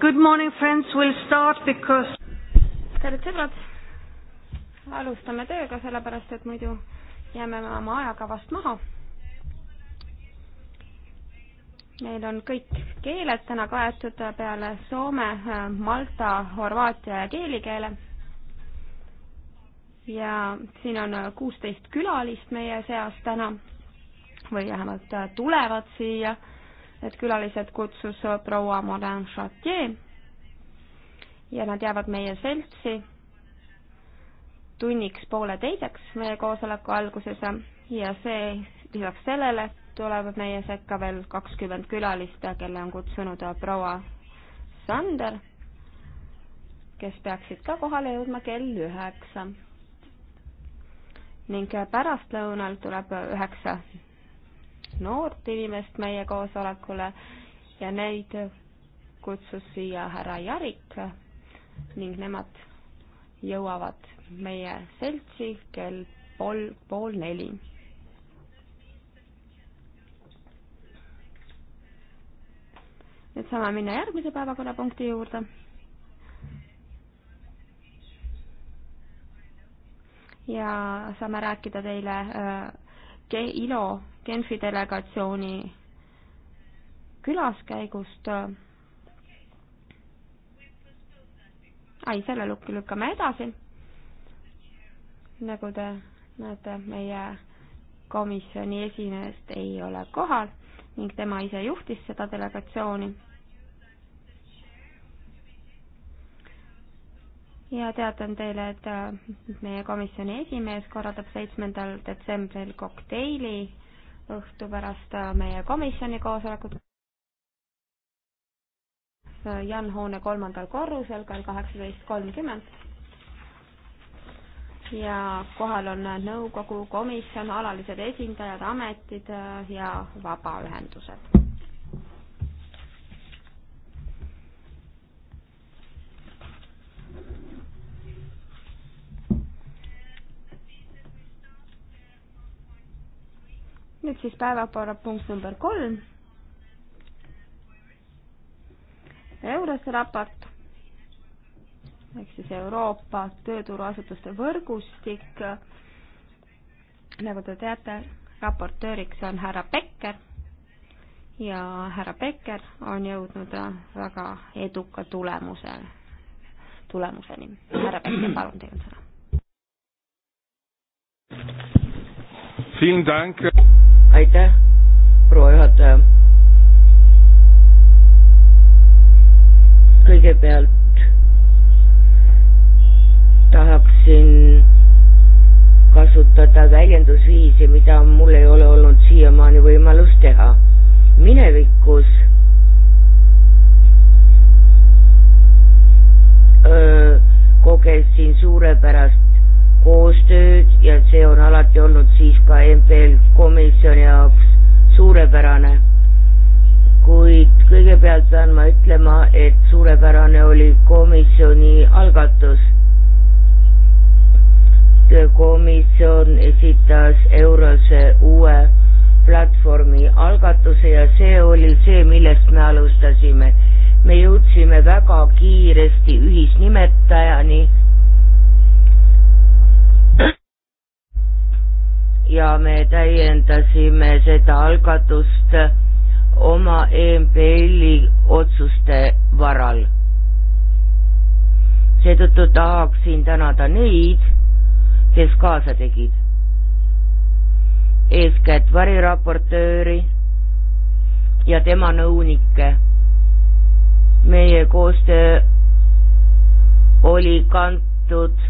Good morning, friends. We'll start because tere, sõbrad! alustame tööga, sellepärast et muidu jääme me oma ajakavast maha. meil on kõik keeled täna kaetud peale soome, malta, horvaatia ja keelikeele ja siin on äh, kuusteist külalist meie seas täna või vähemalt äh, tulevad siia. Need külalised kutsus äh, proua Morin Chatier ja nad jäävad meie seltsi tunniks pooleteiseks meie koosoleku alguses ja see lisaks sellele tulevad meie sekka veel kakskümmend külalist, kelle on kutsunud proua Sander, kes peaksid ka kohale jõudma kell üheksa ning pärastlõunal tuleb üheksa noort inimest meie koosolekule ja neid kutsus siia härra Jarik ning nemad jõuavad meie seltsi kell pool, pool neli. nüüd saame minna järgmise päevakorrapunkti juurde ja saame rääkida teile äh, ILO Genfi delegatsiooni külaskäigust. ai, selle lukku lükkame edasi. nagu te näete, meie komisjoni esimeest ei ole kohal ning tema ise juhtis seda delegatsiooni ja teatan teile, et äh, meie komisjoni esimees korraldab seitsmendal detsembril kokteili õhtu pärast äh, meie komisjoni koosolekut. Äh, Jan hoone kolmandal korrusel kell kaheksateist kolmkümmend. ja kohal on nõukogu, komisjon, alalised esindajad, ametid ja vabaühendused nüüd siis päevakorrapunkt number kolm. Eurose raport ehk siis Euroopa tööturuasutuste võrgustik. nagu te teate, raportööriks on härra Becker ja härra Becker on jõudnud väga eduka tulemuse, tulemuseni. härra Becker, palun, teil on sõna aitäh, proua juhataja. kõigepealt tahaksin kasutada väljendusviisi, mida mul ei ole olnud siiamaani võimalus teha. minevikus öö, kogesin suurepärast koostööd ja see on alati olnud siis ka MPL komisjoni jaoks suurepärane. kuid kõigepealt pean ma ütlema, et suurepärane oli komisjoni algatus. komisjon esitas Eurose uue platvormi algatuse ja see oli see, millest me alustasime. me jõudsime väga kiiresti ühisnimetajani ja me täiendasime seda algatust oma EMPL-i otsuste varal. seetõttu tahaksin tänada neid, kes kaasa tegid. eeskätt variraportööri ja tema nõunikke. meie koostöö oli kantud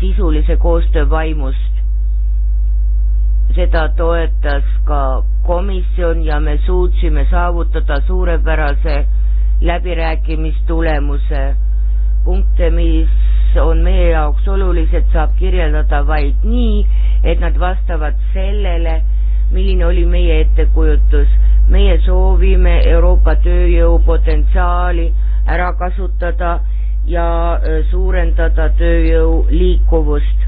sisulise koostöö vaimust. seda toetas ka komisjon ja me suutsime saavutada suurepärase läbirääkimistulemuse. punkte, mis on meie jaoks olulised, saab kirjeldada vaid nii, et nad vastavad sellele, milline oli meie ettekujutus. meie soovime Euroopa tööjõupotentsiaali ära kasutada ja äh, suurendada tööjõu liikuvust.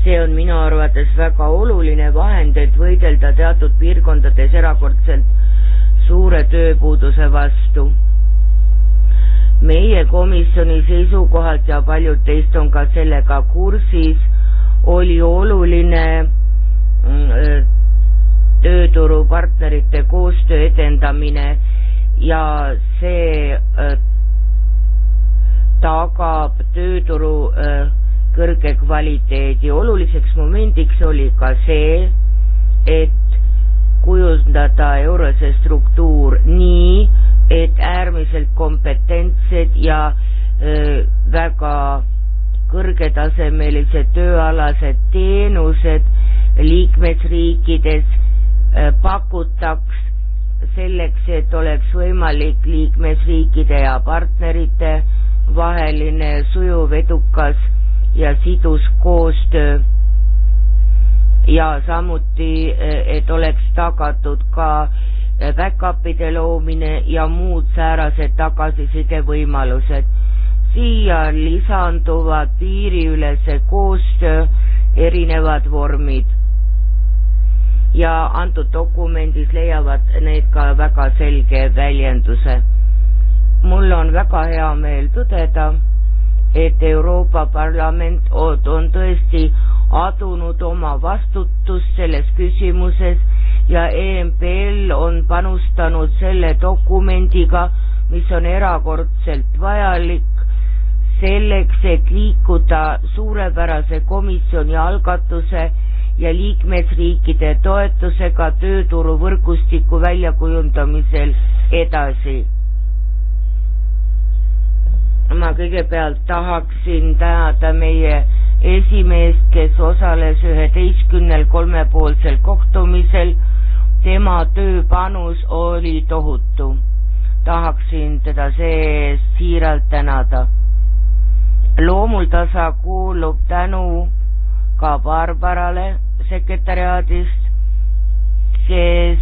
see on minu arvates väga oluline vahend, et võidelda teatud piirkondades erakordselt suure tööpuuduse vastu. meie komisjoni seisukohalt ja paljud teist on ka sellega kursis, oli oluline mm, äh, tööturupartnerite koostöö edendamine ja see äh, tagab tööturu äh, kõrge kvaliteedi. oluliseks momendiks oli ka see, et kujundada Eurose struktuur nii, et äärmiselt kompetentsed ja öö, äh, väga kõrgetasemelised tööalased teenused liikmesriikides öö, äh, pakutaks selleks, et oleks võimalik liikmesriikide ja partnerite vaheline sujuv, edukas ja sidus koostöö ja samuti, eh, et oleks tagatud ka eh, back-up'ide loomine ja muud säärased tagasisidevõimalused. siia lisanduvad piiriülese koostöö erinevad vormid. ja antud dokumendis leiavad need ka väga selge väljenduse mul on väga hea meel tõdeda, et Euroopa Parlament on tõesti adunud oma vastutust selles küsimuses ja EMPL on panustanud selle dokumendiga, mis on erakordselt vajalik selleks, et liikuda suurepärase komisjoni algatuse ja liikmesriikide toetusega tööturuvõrgustiku väljakujundamisel edasi ma kõigepealt tahaksin tänada meie esimeest, kes osales üheteistkümnel kolmepoolsel kohtumisel. tema tööpanus oli tohutu. tahaksin teda see-eest siiralt tänada. loomultasa kuulub tänu ka Barbarale sekretäriaadist, kes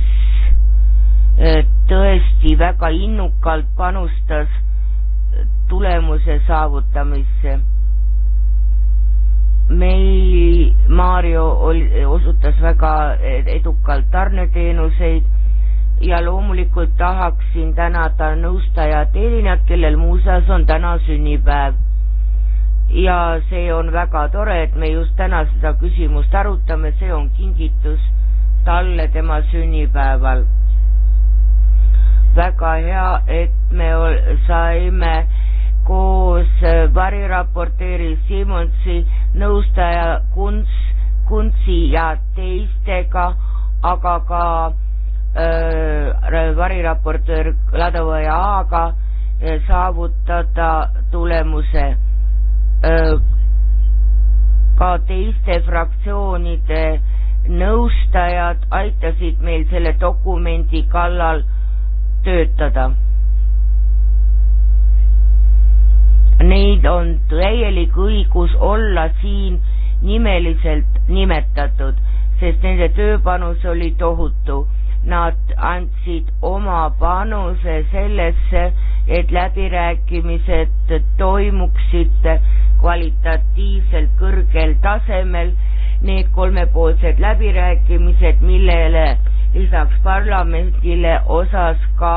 eh, tõesti väga innukalt panustas tulemuse saavutamisse. meil, Mario oli, osutas väga edukalt tarneteenuseid ja loomulikult tahaksin tänada nõustajat Elinat, kellel muuseas on täna sünnipäev. ja see on väga tore, et me just täna seda küsimust arutame, see on kingitus talle tema sünnipäeval. väga hea, et me saime koos äh, variraporteeri Simonsi nõustaja Kunts, Kuntsi ja teistega, aga ka öö, äh, äh, variraportöör Ladovaja A-ga saavutada tulemuse. ka teiste fraktsioonide nõustajad aitasid meil selle dokumendi kallal töötada Neid on täielik õigus olla siin nimeliselt nimetatud, sest nende tööpanus oli tohutu. Nad andsid oma panuse sellesse, et läbirääkimised toimuksid kvalitatiivselt kõrgel tasemel, need kolmepoolsed läbirääkimised, millele lisaks parlamendile osas ka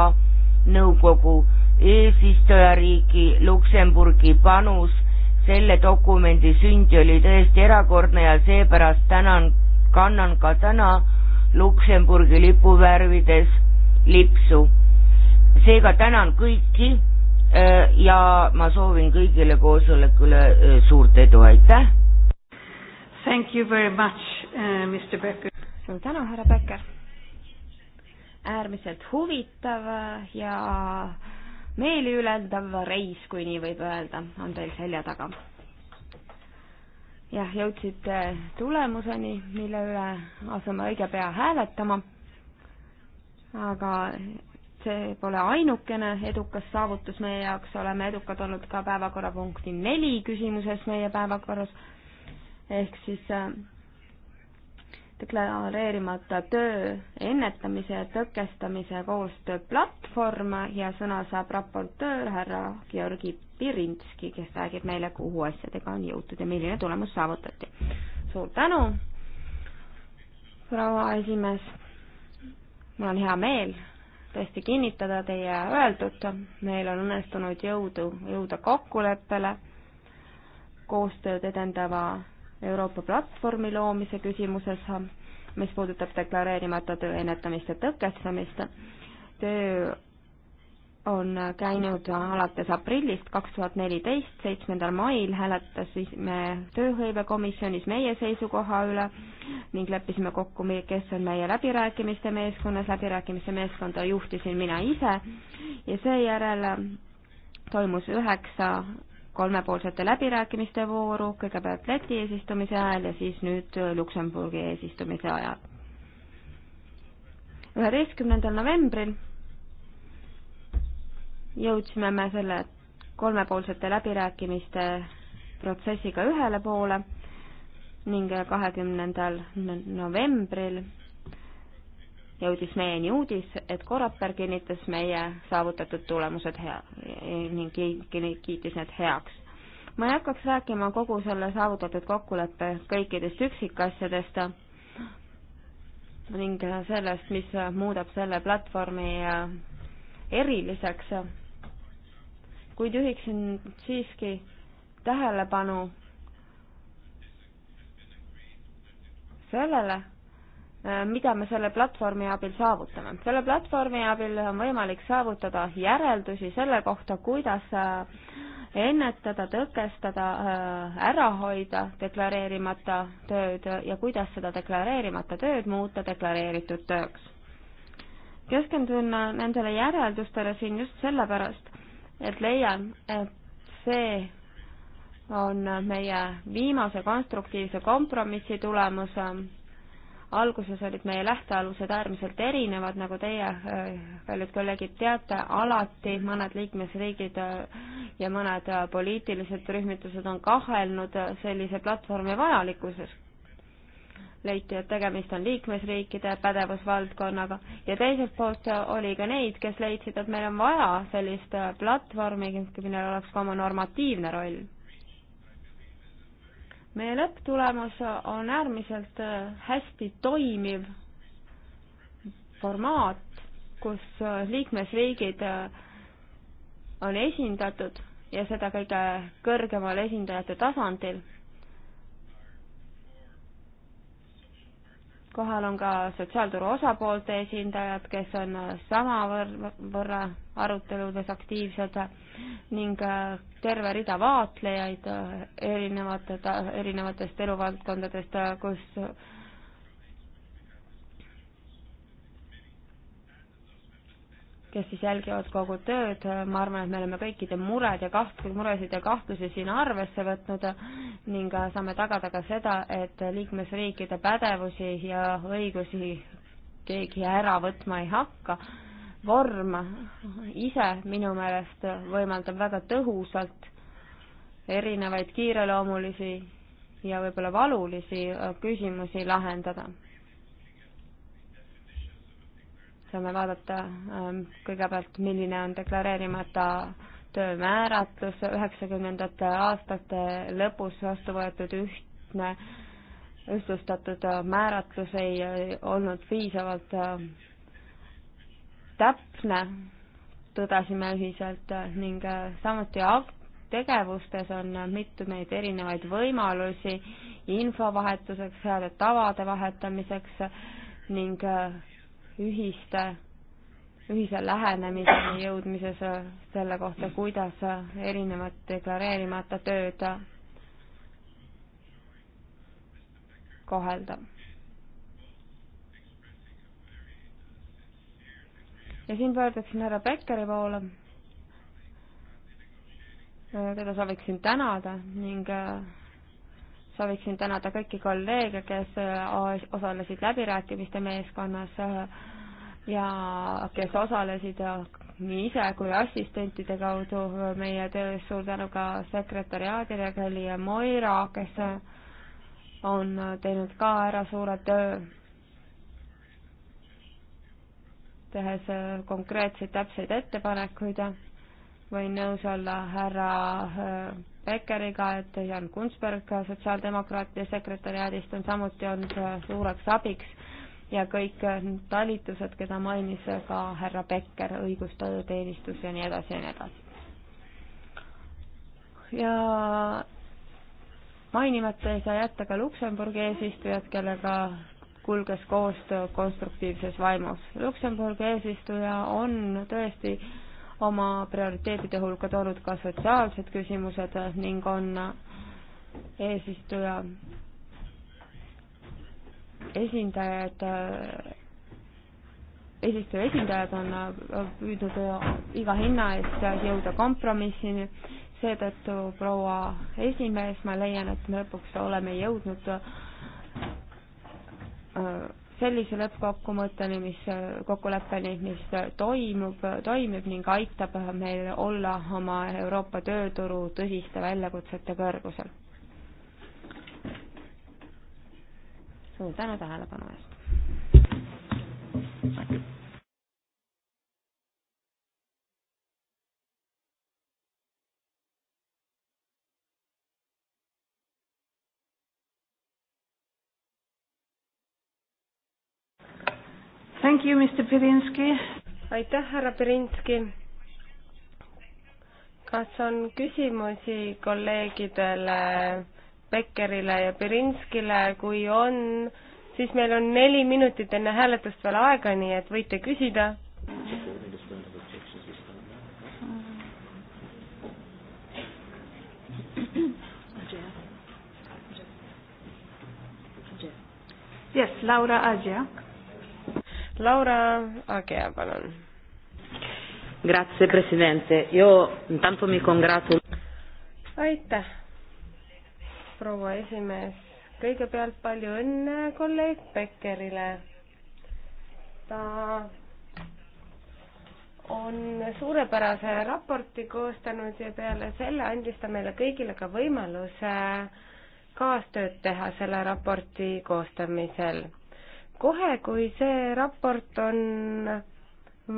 nõukogu eesistujariigi Luksemburgi panus selle dokumendi sündi oli tõesti erakordne ja seepärast tänan, kannan ka täna Luksemburgi lipuvärvides lipsu. seega tänan kõiki äh, ja ma soovin kõigile koosolekule äh, suurt edu, aitäh! Thank you very much uh,, Mr Becker. suur tänu, härra Becker. äärmiselt huvitav ja meeliülendav reis, kui nii võib öelda, on teil selja taga. jah, jõudsite äh, tulemuseni, mille üle asume õige pea hääletama, aga see pole ainukene edukas saavutus meie jaoks, oleme edukad olnud ka päevakorrapunkti neli küsimuses meie päevakorras, ehk siis äh, deklareerimata töö ennetamise ja tõkestamise koostööplatvorm ja sõna saab raportöör härra Georgi Pirinski, kes räägib meile, kuhu asjadega on jõutud ja milline tulemus saavutati. suur tänu, proua esimees. mul on hea meel tõesti kinnitada teie öeldut, meil on õnnestunud jõudu, jõuda kokkuleppele koostööd edendava Euroopa platvormi loomise küsimuses, mis puudutab deklareerimata töö ennetamist ja tõkestamist. töö on käinud alates aprillist kaks tuhat neliteist, seitsmendal mail hääletasime tööhõivekomisjonis meie seisukoha üle ning leppisime kokku, kes on meie läbirääkimiste meeskonnas, läbirääkimiste meeskonda juhtisin mina ise ja seejärel toimus üheksa kolmepoolsete läbirääkimiste vooru, kõigepealt Läti eesistumise ajal ja siis nüüd Luksemburgi eesistumise ajal. üheteistkümnendal novembril jõudsime me selle kolmepoolsete läbirääkimiste protsessiga ühele poole ning kahekümnendal novembril jõudis meieni uudis, et Koraper kinnitas meie saavutatud tulemused hea ning kiitis need heaks. ma ei hakkaks rääkima kogu selle saavutatud kokkuleppe kõikidest üksikasjadest ning sellest, mis muudab selle platvormi eriliseks, kuid juhiksin siiski tähelepanu sellele, Äh, mida me selle platvormi abil saavutame. selle platvormi abil on võimalik saavutada järeldusi selle kohta, kuidas äh, ennetada, tõkestada, äh, ära hoida deklareerimata tööd ja kuidas seda deklareerimata tööd muuta deklareeritud tööks. keskendun nendele järeldustele siin just sellepärast, et leian, et see on meie viimase konstruktiivse kompromissi tulemus alguses olid meie lähtealused äärmiselt erinevad, nagu teie, äh, paljud kolleegid, teate, alati mõned liikmesriigid äh, ja mõned äh, poliitilised rühmitused on kahelnud sellise platvormi vajalikkuses. leiti, et tegemist on liikmesriikide pädevusvaldkonnaga ja teiselt poolt oli ka neid, kes leidsid, et meil on vaja sellist platvormi, millel oleks ka oma normatiivne roll meie lõpptulemus on äärmiselt äh, hästi toimiv formaat, kus äh, liikmesriigid äh, on esindatud ja seda kõige kõrgemal esindajate tasandil kohal on ka sotsiaalturu osapoolte esindajad, kes on samavõrra aruteludes aktiivsed ning äh, terve rida vaatlejaid äh, erinevate, erinevatest eluvaldkondadest, äh, kus kes siis jälgivad kogu tööd, ma arvan, et me oleme kõikide mured ja kaht-, muresid ja kahtlusi siin arvesse võtnud ning saame tagada ka seda, et liikmesriikide pädevusi ja õigusi keegi ära võtma ei hakka. vorm ise minu meelest võimaldab väga tõhusalt erinevaid kiireloomulisi ja võib-olla valulisi küsimusi lahendada saame vaadata ähm, kõigepealt, milline on deklareerimata töö määratlus, üheksakümnendate aastate lõpus vastu võetud ühtne ühtlustatud määratlus ei olnud piisavalt ähm, täpne, tõdesime ühiselt äh, ning äh, samuti tegevustes on mitmeid erinevaid võimalusi infovahetuseks, heade tavade vahetamiseks ning äh, ühiste, ühise lähenemiseni jõudmises selle kohta, kuidas erinevat deklareerimata tööd kohelda. ja siin pöörduksin härra Beckeri poole, keda sooviksin tänada ning äh, sooviksin tänada kõiki kolleege, kes äh, osalesid läbirääkimiste meeskonnas äh, ja kes osalesid nii ise kui assistentide kaudu meie töös, suur tänu ka sekretäriaadile, Kelly ja Moira, kes on teinud ka ära suure töö, tehes konkreetseid täpseid ettepanekuid. võin nõus olla härra äh, Beckeriga, et Jan Kunstberg sotsiaaldemokraatide sekretäriaadist on samuti olnud suureks abiks ja kõik äh, talitused, keda mainis ka härra Becker, õigusteenistus ja nii edasi ja nii edasi. ja mainimata ei saa jätta ka Luksemburgi eesistujat, kellega kulges koostöö konstruktiivses vaimus. Luksemburgi eesistuja on tõesti oma prioriteetide hulka toonud ka sotsiaalsed küsimused ning on eesistuja esindajad, äh, eesistuja esindajad on äh, püüdnud äh, iga hinna eest jõuda kompromissini, seetõttu proua esimees, ma leian, et me lõpuks oleme jõudnud sellise lõppkokkuvõtteni, mis, kokkuleppeni, mis toimub, toimib ning aitab meil olla oma Euroopa tööturu tõsiste väljakutsete kõrgusel suur tänu tähelepanu eest. Thank you, Mr Pirinski. aitäh, härra Pirinski. kas on küsimusi kolleegidele? Beckerile ja Berinskile, kui on, siis meil on neli minutit enne hääletust veel aega, nii et võite küsida. Yes, Laura Agia. Laura Agia, palun. Grazie Presidente, io intanto mi congratulo. aitäh proua esimees. kõigepealt palju õnne kolleeg Beckerile. ta on suurepärase raporti koostanud ja peale selle andis ta meile kõigile ka võimaluse kaastööd teha selle raporti koostamisel. kohe, kui see raport on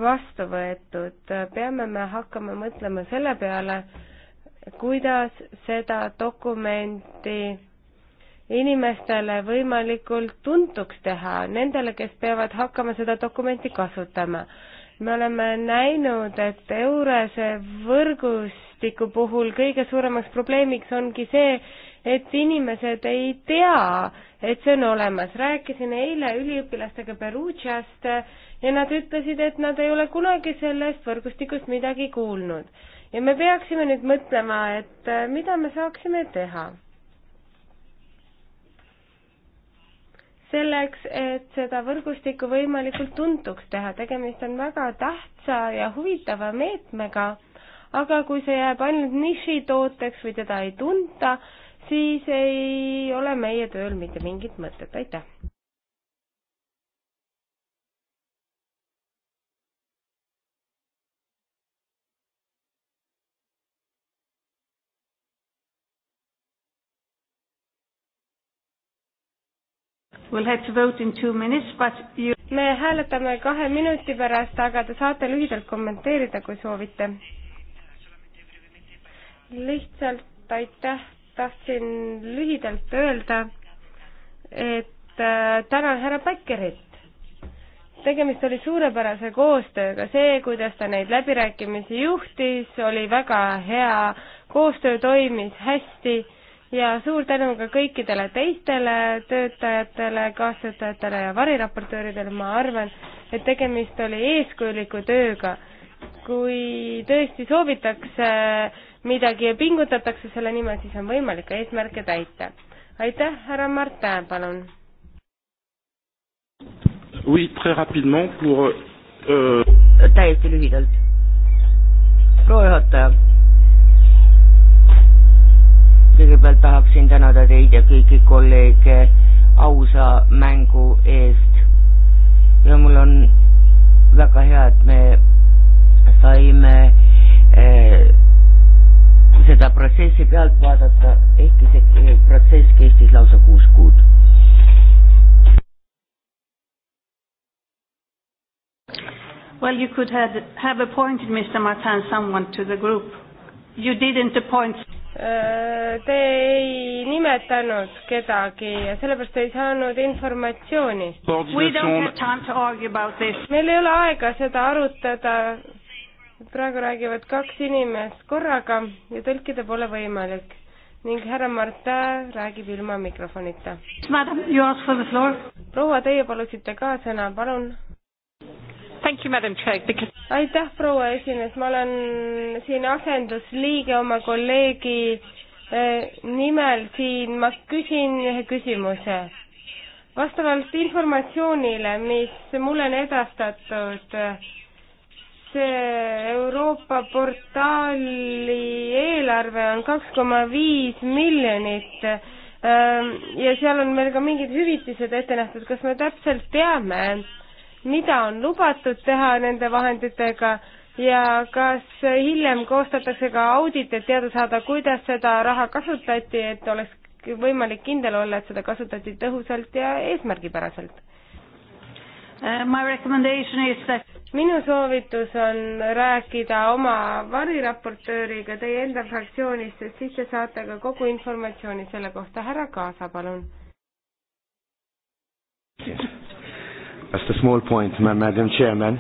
vastu võetud, peame me hakkama mõtlema selle peale, kuidas seda dokumenti inimestele võimalikult tuntuks teha, nendele, kes peavad hakkama seda dokumenti kasutama. me oleme näinud, et Eurese võrgustiku puhul kõige suuremaks probleemiks ongi see, et inimesed ei tea, et see on olemas. rääkisin eile üliõpilastega Perugiast ja nad ütlesid, et nad ei ole kunagi sellest võrgustikust midagi kuulnud ja me peaksime nüüd mõtlema, et äh, mida me saaksime teha. selleks, et seda võrgustikku võimalikult tuntuks teha, tegemist on väga tähtsa ja huvitava meetmega, aga kui see jääb ainult nišitooteks või teda ei tunta, siis ei ole meie tööl mitte mingit mõtet, aitäh! We'll have to vote in two minutes, but you... me hääletame kahe minuti pärast, aga te saate lühidalt kommenteerida, kui soovite. lihtsalt aitäh, tahtsin lühidalt öelda, et äh, tänan härra Päkkerit tegemist oli suurepärase koostööga, see, kuidas ta neid läbirääkimisi juhtis, oli väga hea, koostöö toimis hästi ja suur tänu ka kõikidele teistele töötajatele, kaastöötajatele ja variraportööridele, ma arvan, et tegemist oli eeskujuliku tööga. kui tõesti soovitakse midagi ja pingutatakse selle nimel, siis on võimalik ka eesmärke täita. aitäh, härra Mart Tähe, palun. Oui, très rapidement pour euh... täiesti lühidalt. proua juhataja kõigepealt tahaksin tänada teid ja kõiki kolleege ausa mängu eest. ja mul on väga hea, et me saime eh, seda protsessi pealt vaadata, ehkki see eh, protsess kestis lausa kuus kuud. Well, you could have, have appointed Mr. Martin someone to the group. You didn't appoint Äh, te ei nimetanud kedagi ja sellepärast ei saanud informatsiooni. meil ei ole aega seda arutada. praegu räägivad kaks inimest korraga ja tõlkida pole võimalik ning härra Marta räägib ilma mikrofonita. proua, teie palusite ka sõna, palun Thank you, madam chair, because aitäh, proua esimees, ma olen siin asendusliige oma kolleegi eh, nimel siin, ma küsin ühe küsimuse. vastavalt informatsioonile, mis mulle on edastatud, see Euroopa portaali eelarve on kaks koma viis miljonit eh, ja seal on meil ka mingid hüvitised ette nähtud, kas me täpselt teame, mida on lubatud teha nende vahenditega ja kas hiljem koostatakse ka audit, et teada saada, kuidas seda raha kasutati, et oleks võimalik kindel olla, et seda kasutati tõhusalt ja eesmärgipäraselt? Uh, that... minu soovitus on rääkida oma variraportööriga teie enda fraktsioonist, sest siis te saate ka kogu informatsiooni selle kohta. härra Kaasa, palun yes.. That's a small point, madam chairman.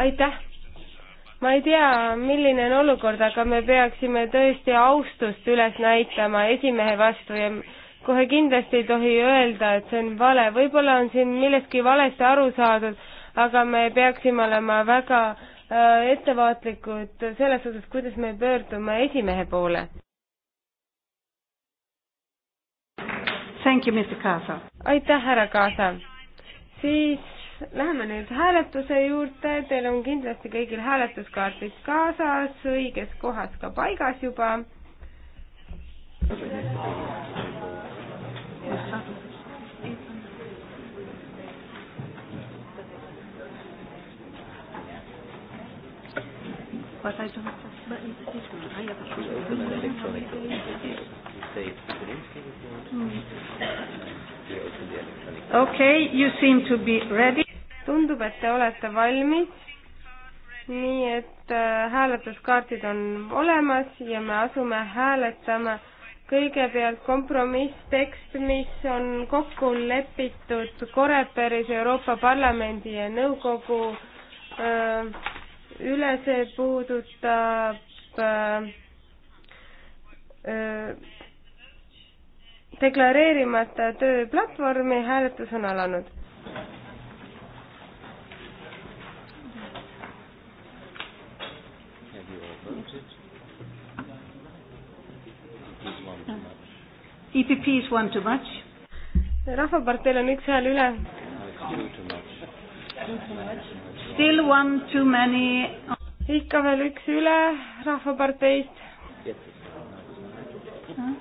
aitäh. ma ei tea, milline on olukord, aga me peaksime tõesti austust üles näitama esimehe vastu ja kohe kindlasti ei tohi öelda, et see on vale, võib-olla on siin millestki valesti aru saadud, aga me peaksime olema väga äh, ettevaatlikud selles osas, kuidas me pöördume esimehe poole. aitäh, härra Kaasa! siis läheme nüüd hääletuse juurde, teil on kindlasti kõigil hääletuskaardid kaasas, õiges kohas ka paigas juba. But I don't, but it's this one. I have a. Mm okei okay,, you seem to be ready. tundub, et te olete valmis. nii et äh, hääletuskaardid on olemas ja me asume hääletama kõigepealt kompromisstekst, mis on kokku lepitud Koreperis Euroopa Parlamendi ja nõukogu äh, üle, see puudutab äh, äh, deklareerimata tööplatvormi, hääletus on alanud. EPP is one too much. rahvaparteil on üks hääl üle. Still one too many. ikka veel üks üle Rahvaparteist huh?.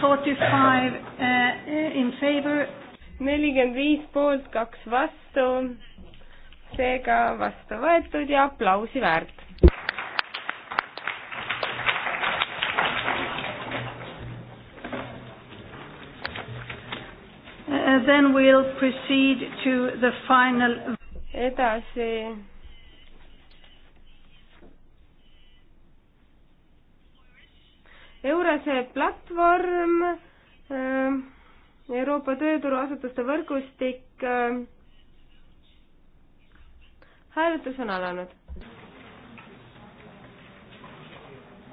45 uh, uh, in favor. nelikümmend viis poolt, kaks vastu, seega vastu võetud ja aplausi väärt. Uh, then we'll proceed to the final. edasi Eurose platvorm, äh, Euroopa tööturuasutuste võrgustik. Äh, hääletus on alanud.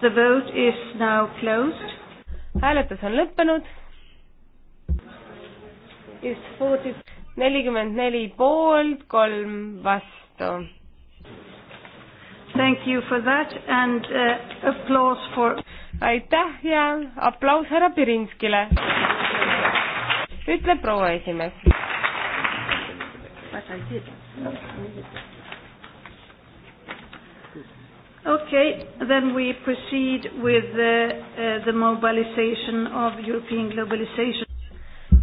The vote is now closed. hääletus on lõppenud. nelikümmend neli poolt, kolm vastu Thank you for that and uh, applause for aitäh ja aplaus härra Pirinskile, ütleb proua esimees. Okay, then we proceed with the, uh, the mobilization of European Globalization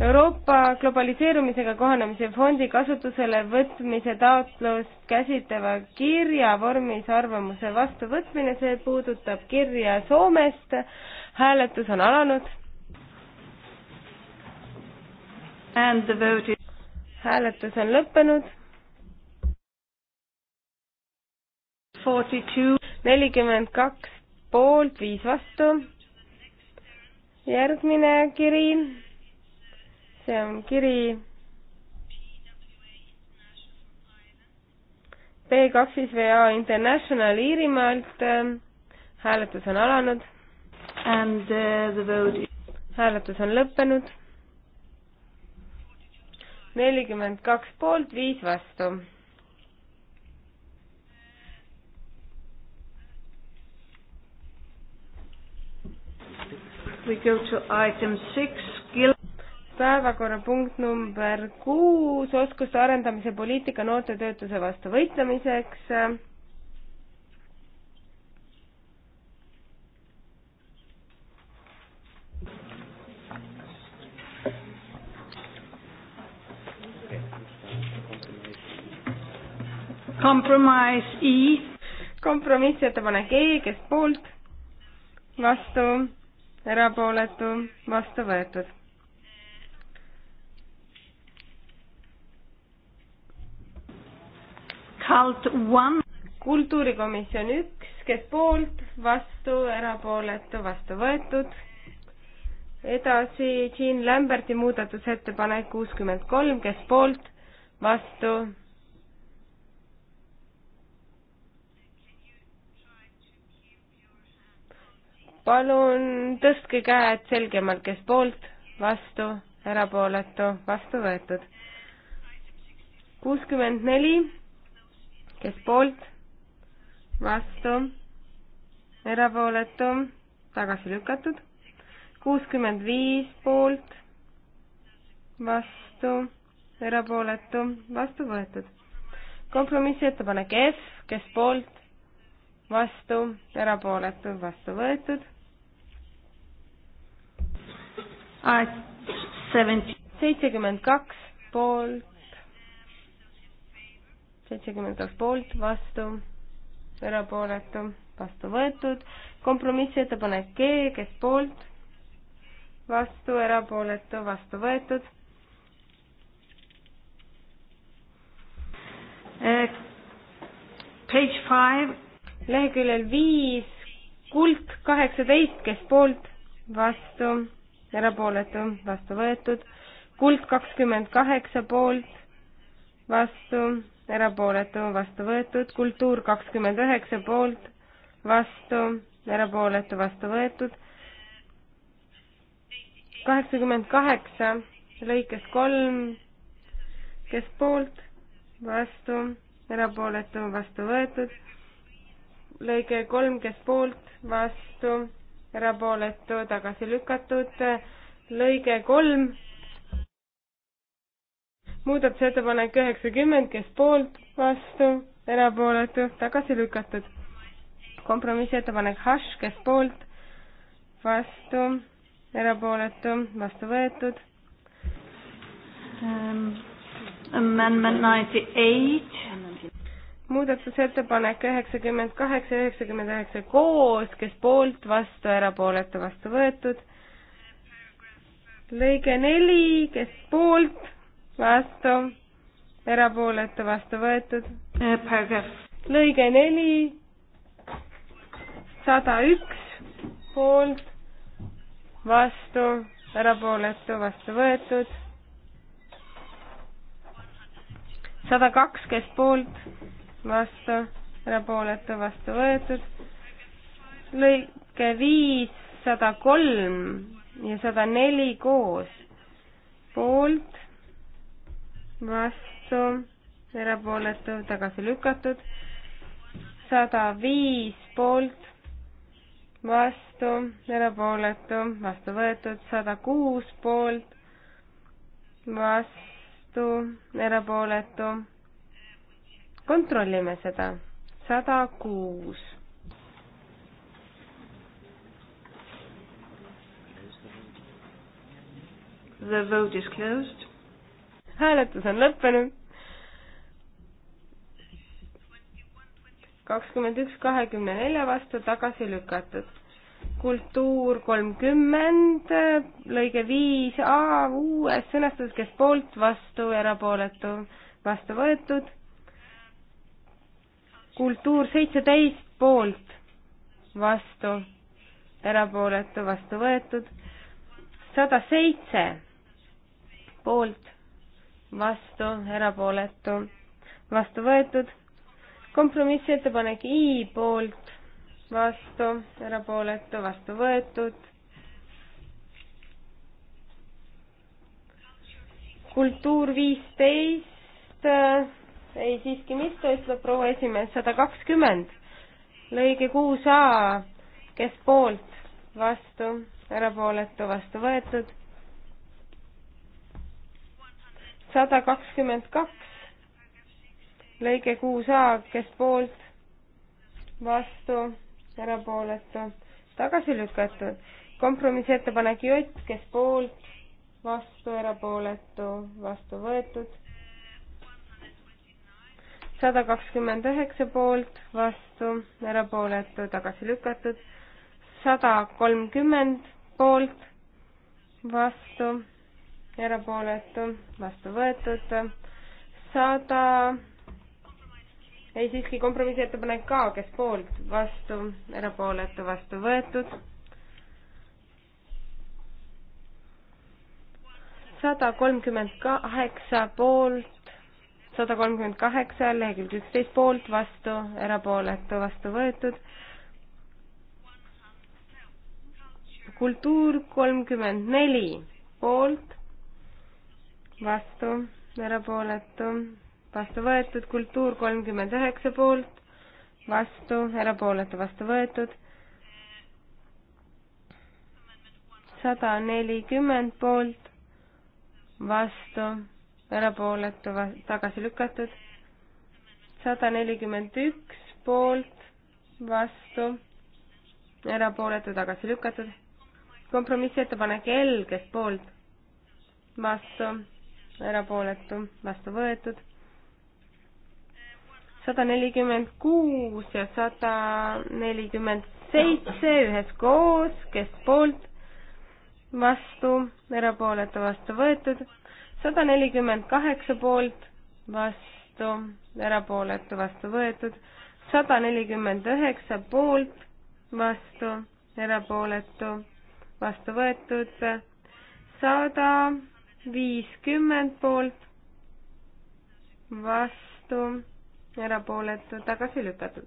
Euroopa globaliseerumisega kohanemise fondi kasutusele võtmise taotlust käsitleva kirja vormis arvamuse vastuvõtmine, see puudutab kirja Soomest. hääletus on alanud. hääletus on lõppenud. nelikümmend kaks poolt, viis vastu. järgmine kiri see on kiri B2-VA International Iirimaalt. hääletus on alanud. And uh, the vote is... hääletus on lõppenud. nelikümmend kaks poolt, viis vastu. We go to item six päevakorrapunkt number kuus, oskuste arendamise poliitika noorte töötuse vastu võitlemiseks. kompromiss I. E. kompromissettepanek E, kes poolt, vastu, erapooletu, vastu võetud kultuurikomisjon üks, kes poolt, vastu, erapooletu, vastu võetud. edasi Jean Lamberti muudatusettepanek kuuskümmend kolm, kes poolt, vastu. palun tõstke käed selgemalt, kes poolt, vastu, erapooletu, vastu võetud. kuuskümmend neli kes poolt, vastu, erapooletu, tagasi lükatud, kuuskümmend viis poolt, vastu, erapooletu, vastu võetud. kompromissettepanek F, kes poolt, vastu, erapooletu, vastu võetud. seitsekümmend kaks poolt, seitsekümmend kaks poolt, vastu, erapooletu, vastu võetud. kompromissettepanek G, kes poolt, vastu, erapooletu, vastu võetud. Eh, page five. leheküljel viis, kuld kaheksateist, kes poolt, vastu, erapooletu, vastu võetud. kuld kakskümmend kaheksa poolt, vastu, erapooletu, vastu võetud, kultuur kakskümmend üheksa poolt, vastu, erapooletu, vastu võetud, kaheksakümmend kaheksa lõikes kolm, kes poolt, vastu, erapooletu, vastu võetud, lõige kolm, kes poolt, vastu, erapooletu, tagasi lükatud, lõige kolm muudatusettepanek üheksakümmend, kes poolt, vastu, erapooletu, tagasi lükatud. kompromissettepanek Hash, kes poolt, vastu, erapooletu, vastu võetud um,. Amendment ninety eight. muudatusettepanek üheksakümmend kaheksa, üheksakümmend üheksa koos, kes poolt, vastu, erapooletu, vastu võetud. lõige neli, kes poolt vastu, erapooletu, vastu võetud. Eh, lõige neli, sada üks poolt, vastu, erapooletu, vastu võetud. sada kakskümmend poolt, vastu, erapooletu, vastu võetud. lõike viis, sada kolm ja sada neli koos, poolt vastu, erapooletu, tagasi lükatud. sada viis poolt, vastu, erapooletu, vastu võetud. sada kuus poolt, vastu, erapooletu. kontrollime seda. sada kuus The vote is closed hääletus on lõppenud. kakskümmend üks kahekümne nelja vastu tagasi lükatud. kultuur kolmkümmend, lõige viis A uues sõnastuses, kes poolt, vastu, erapooletu, vastu võetud. kultuur seitseteist poolt, vastu, erapooletu, vastu võetud. sada seitse poolt vastu, erapooletu, vastu võetud. kompromissettepanek I poolt, vastu, erapooletu, vastu võetud. kultuur viisteist, äh, ei siiski, mis ta ütleb, proua esimees, sada kakskümmend, lõige kuus A, kes poolt, vastu, erapooletu, vastu võetud sada kakskümmend kaks, lõige kuus A, kes poolt, vastu, erapooletu, tagasi lükatud. kompromissettepanek J, kes poolt, vastu, erapooletu, vastu võetud. sada kakskümmend üheksa poolt, vastu, erapooletu, tagasi lükatud. sada kolmkümmend poolt, vastu, erapooletu, vastu võetud, sada, ei siiski kompromissettepanek ka, kes poolt, vastu, erapooletu, vastu võetud, sada kolmkümmend kaheksa poolt, sada kolmkümmend kaheksa, lehekülg üksteist poolt, vastu, erapooletu, vastu võetud kultuur kolmkümmend neli poolt, vastu, erapooletu, vastu võetud, kultuur kolmkümmend üheksa poolt, vastu, erapooletu, vastu võetud, sada nelikümmend poolt, vastu, erapooletu, tagasi lükatud, sada nelikümmend üks poolt, vastu, erapooletu, tagasi lükatud, kompromissettepanek L, kes poolt, vastu, erapooletu, vastu võetud. sada nelikümmend kuus ja sada nelikümmend seitse üheskoos, kes poolt, vastu, erapooletu, vastu võetud. sada nelikümmend kaheksa poolt, vastu, erapooletu, vastu võetud. sada nelikümmend üheksa poolt, vastu, erapooletu, vastu võetud. sada viiskümmend poolt, vastu, erapooletu, tagasi lükatud.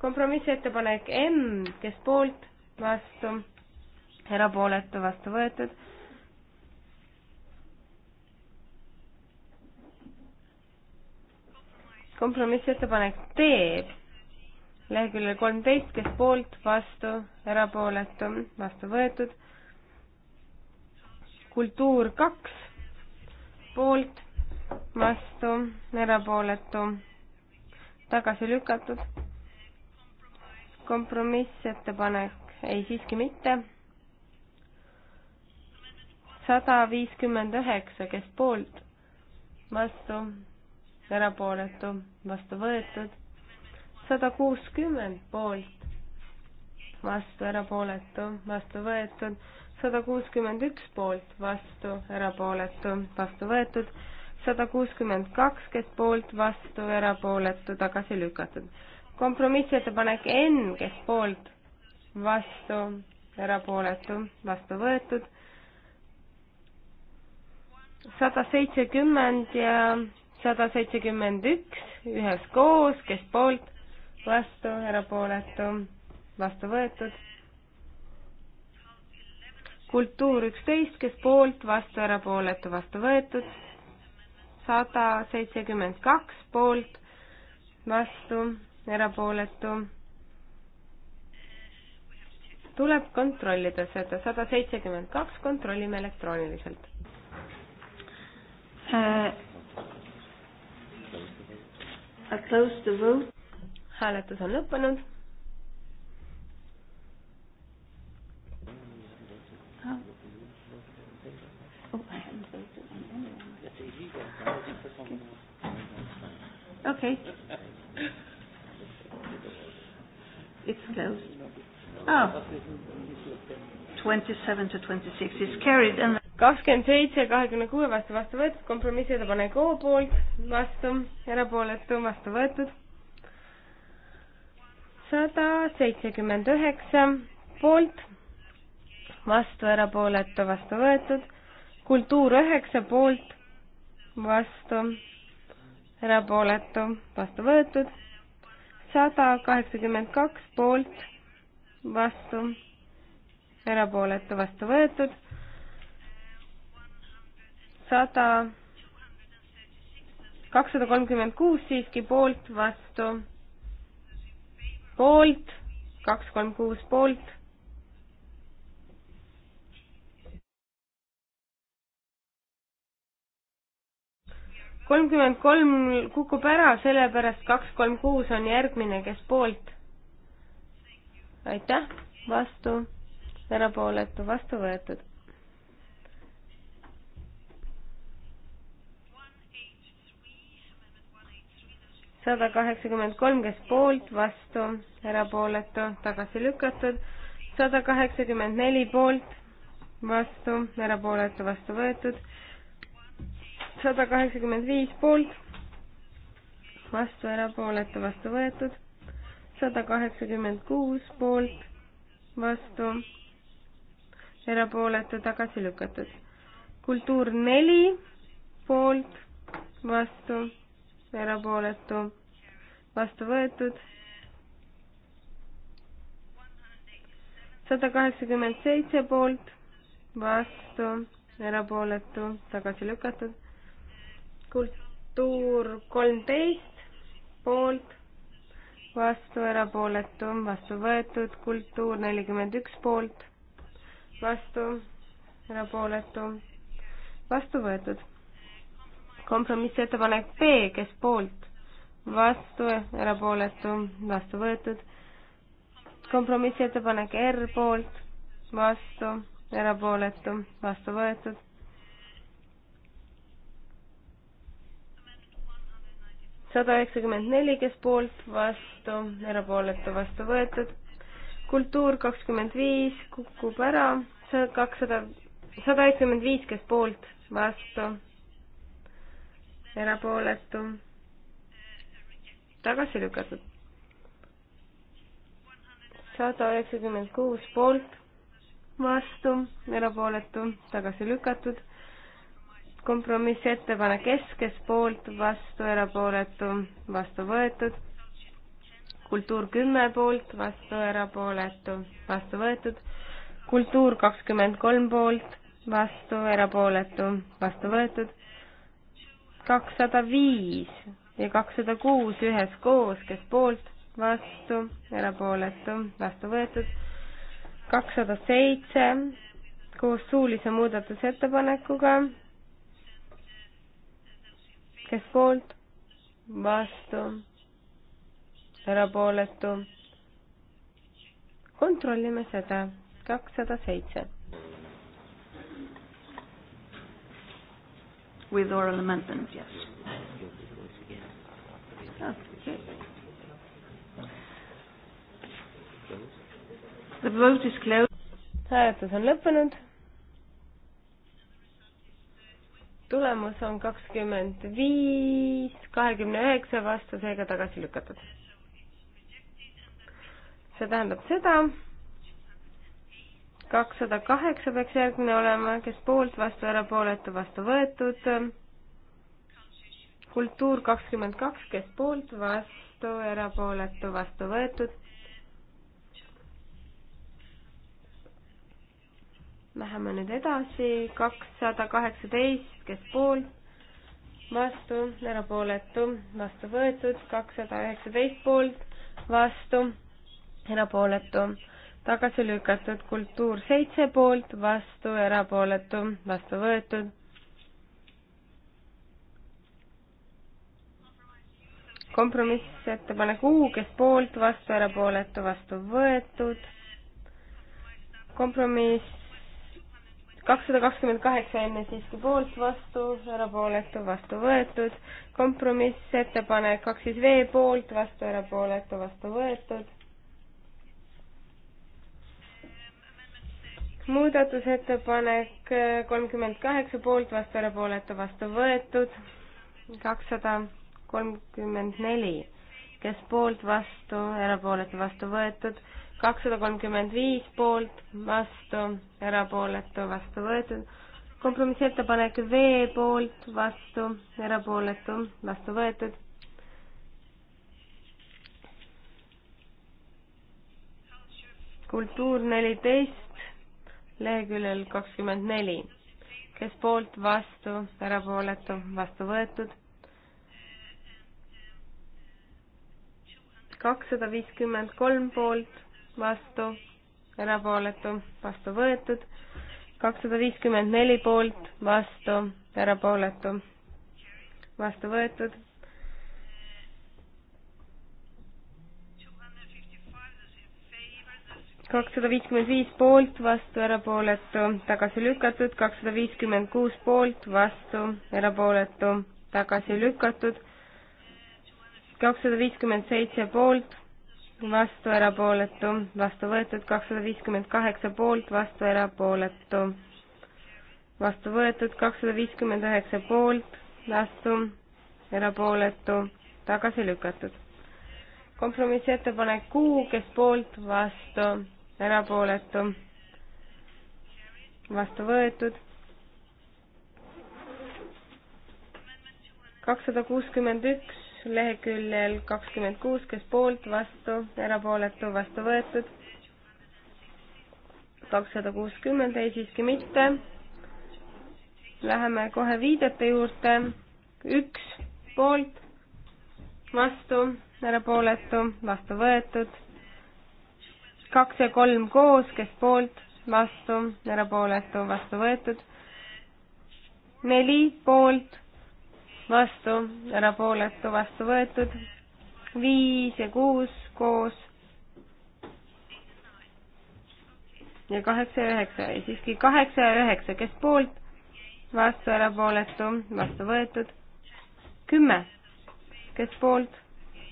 kompromissettepanek M, kes poolt, vastu, erapooletu, vastu võetud. kompromissettepanek D, leheküljel kolmteist, kes poolt, vastu, erapooletu, vastu võetud kultuur kaks, poolt, vastu, erapooletu, tagasi lükatud. kompromissettepanek, ei siiski mitte. sada viiskümmend üheksa, kes poolt, vastu, erapooletu, vastu võetud. sada kuuskümmend poolt, vastu, erapooletu, vastu võetud sada kuuskümmend üks poolt, vastu, erapooletu, vastu võetud, sada kuuskümmend kaks, kes poolt, vastu, erapooletu, tagasi lükatud. kompromissettepanek N, kes poolt, vastu, erapooletu, vastu võetud, sada seitsekümmend ja sada seitsekümmend üks üheskoos, kes poolt, vastu, erapooletu, vastu võetud kultuur üksteist, kes poolt, vastu, erapooletu, vastu võetud, sada seitsekümmend kaks poolt, vastu, erapooletu. tuleb kontrollida seda, sada seitsekümmend kaks, kontrollime elektrooniliselt uh,. I close the vote. hääletus on lõppenud Okay. It's closed. Oh. 27 to 26 is carried and kakskümmend seitse, kahekümne kuue vastu vastu võetud, kompromissettepanek O poolt vastu, erapooletu vastu võetud. sada seitsekümmend üheksa poolt vastu, erapooletu vastu võetud. kultuur üheksa poolt vastu, erapooletu, vastu võetud, sada kaheksakümmend kaks poolt, vastu, erapooletu, vastu võetud, sada kakssada kolmkümmend kuus siiski poolt, vastu, poolt, kaks, kolm, kuus poolt kolmkümmend kolm kukub ära, sellepärast kaks, kolm, kuus on järgmine, kes poolt? aitäh, vastu, erapooletu, vastu võetud. sada kaheksakümmend kolm, kes poolt, vastu, erapooletu, tagasi lükatud, sada kaheksakümmend neli poolt, vastu, erapooletu, vastu võetud sada kaheksakümmend viis poolt, vastu erapooletu, vastu võetud, sada kaheksakümmend kuus poolt, vastu erapooletu, tagasi lükatud. kultuur neli poolt, vastu erapooletu, vastu võetud, sada kaheksakümmend seitse poolt, vastu erapooletu, tagasi lükatud, kultuur kolmteist poolt, vastu erapooletu, vastu võetud, kultuur nelikümmend üks poolt, vastu erapooletu, vastu võetud. kompromissettepanek B, kes poolt, vastu erapooletu, vastu võetud. kompromissettepanek R poolt, vastu erapooletu, vastu võetud sada üheksakümmend neli, kes poolt, vastu, erapooletu, vastu võetud. kultuur kakskümmend viis kukub ära, kakssada, sada üheksakümmend viis, kes poolt, vastu, erapooletu, tagasi lükatud. sada üheksakümmend kuus poolt, vastu, erapooletu, tagasi lükatud kompromissettepanek S, kes poolt, vastu, erapooletu, vastu võetud. kultuur kümme poolt, vastu, erapooletu, vastu võetud. kultuur kakskümmend kolm poolt, vastu, erapooletu, vastu võetud. kakssada viis ja kakssada kuus üheskoos, kes poolt, vastu, erapooletu, vastu võetud. kakssada seitse koos suulise muudatusettepanekuga kes poolt, vastu, erapooletu. kontrollime seda, kakssada seitse. With oral amendment, yes. Okay. The vote is closed. hääletus on lõppenud tulemus on kakskümmend viis, kahekümne üheksa vastu, seega tagasi lükatud. see tähendab seda, kakssada kaheksa peaks järgmine olema, kes poolt, vastu, erapooletu, vastu võetud. kultuur kakskümmend kaks, kes poolt, vastu, erapooletu, vastu võetud. Läheme nüüd edasi, kakssada kaheksateist, kes poolt, vastu, erapooletu, vastu võetud, kakssada üheksateist poolt, vastu, erapooletu, tagasi lükatud, kultuur seitse poolt, vastu, erapooletu, vastu võetud. kompromissettepanek U, kes poolt, vastu, erapooletu, vastu võetud. kompromiss kakssada kakskümmend kaheksa enne siiski poolt, vastu, erapooletu, vastu võetud. kompromissettepanek kaks siis V poolt, vastu, erapooletu, vastu võetud. muudatusettepanek kolmkümmend kaheksa poolt, vastu, erapooletu, vastu võetud. kakssada kolmkümmend neli, kes poolt, vastu, erapooletu, vastu võetud kakssada kolmkümmend viis poolt, vastu, erapooletu, vastu võetud. kompromissettepanek V poolt, vastu, erapooletu, vastu võetud. kultuur neliteist, leheküljel kakskümmend neli. kes poolt, vastu, erapooletu, vastu võetud. kakssada viiskümmend kolm poolt, vastu, erapooletu, vastu võetud. kakssada viiskümmend neli poolt, vastu, erapooletu, vastu võetud. kakssada viiskümmend viis poolt, vastu, erapooletu, tagasi lükatud, kakssada viiskümmend kuus poolt, vastu, erapooletu, tagasi lükatud, kakssada viiskümmend seitse poolt, vastu, erapooletu, vastu võetud kakssada viiskümmend kaheksa poolt, vastu, erapooletu, vastu võetud kakssada viiskümmend üheksa poolt, vastu, erapooletu, tagasi lükatud. kompromissettepanek Q, kes poolt, vastu, erapooletu, vastu võetud. kakssada kuuskümmend üks leheküljel kakskümmend kuus, kes poolt, vastu, erapooletu, vastu võetud. kakssada kuuskümmend, ei siiski mitte. Läheme kohe viidete juurde. üks poolt, vastu, erapooletu, vastu võetud. kaks ja kolm koos, kes poolt, vastu, erapooletu, vastu võetud. neli poolt vastu, erapooletu, vastu võetud, viis ja kuus koos ja kaheksa ja üheksa ja siiski kaheksa ja üheksa, kes poolt, vastu, erapooletu, vastu võetud, kümme, kes poolt,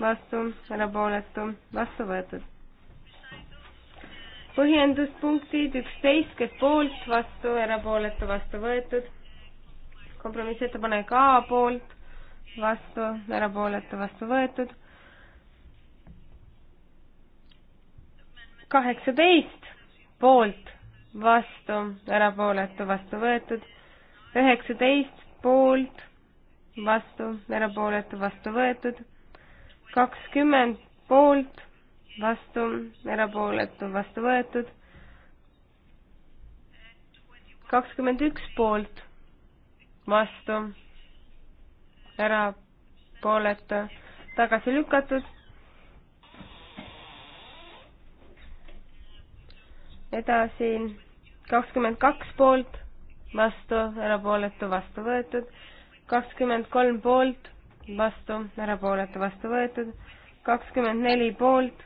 vastu, erapooletu, vastu võetud. põhjenduspunktid üksteist, kes poolt, vastu, erapooletu, vastu võetud kompromissettepanek A poolt, vastu, erapooletu, vastu võetud. kaheksateist poolt, vastu, erapooletu, vastu võetud. üheksateist poolt, vastu, erapooletu, vastu võetud. kakskümmend poolt, vastu, erapooletu, vastu võetud. kakskümmend üks poolt vastu, erapooletu, tagasi lükatud. edasi kakskümmend kaks poolt, vastu, erapooletu, vastu võetud, kakskümmend kolm poolt, vastu, erapooletu, vastu võetud, kakskümmend neli poolt,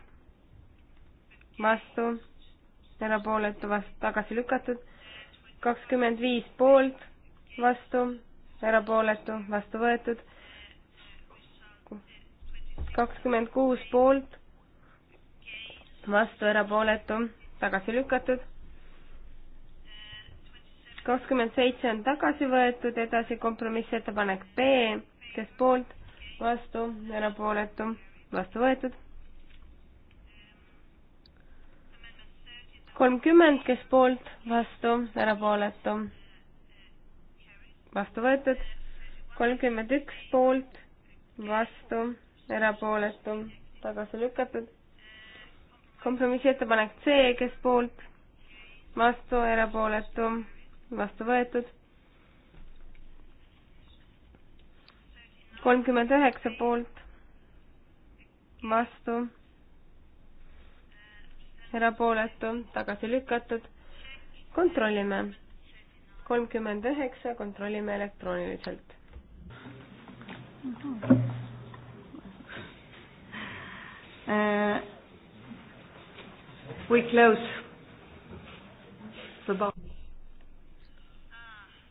vastu, erapooletu, vastu, tagasi lükatud, kakskümmend viis poolt vastu, erapooletu, vastu võetud. kakskümmend kuus poolt, vastu, erapooletu, tagasi lükatud. kakskümmend seitse on tagasi võetud, edasi kompromissettepanek B, kes poolt, vastu, erapooletu, vastu võetud. kolmkümmend, kes poolt, vastu, erapooletu vastu võetud, kolmkümmend üks poolt, vastu, erapooletu, tagasi lükatud. kompromissettepanek C, kes poolt, vastu, erapooletu, vastu võetud. kolmkümmend üheksa poolt, vastu, erapooletu, tagasi lükatud. kontrollime kolmkümmend üheksa, kontrollime elektrooniliselt. Uh, we close the box.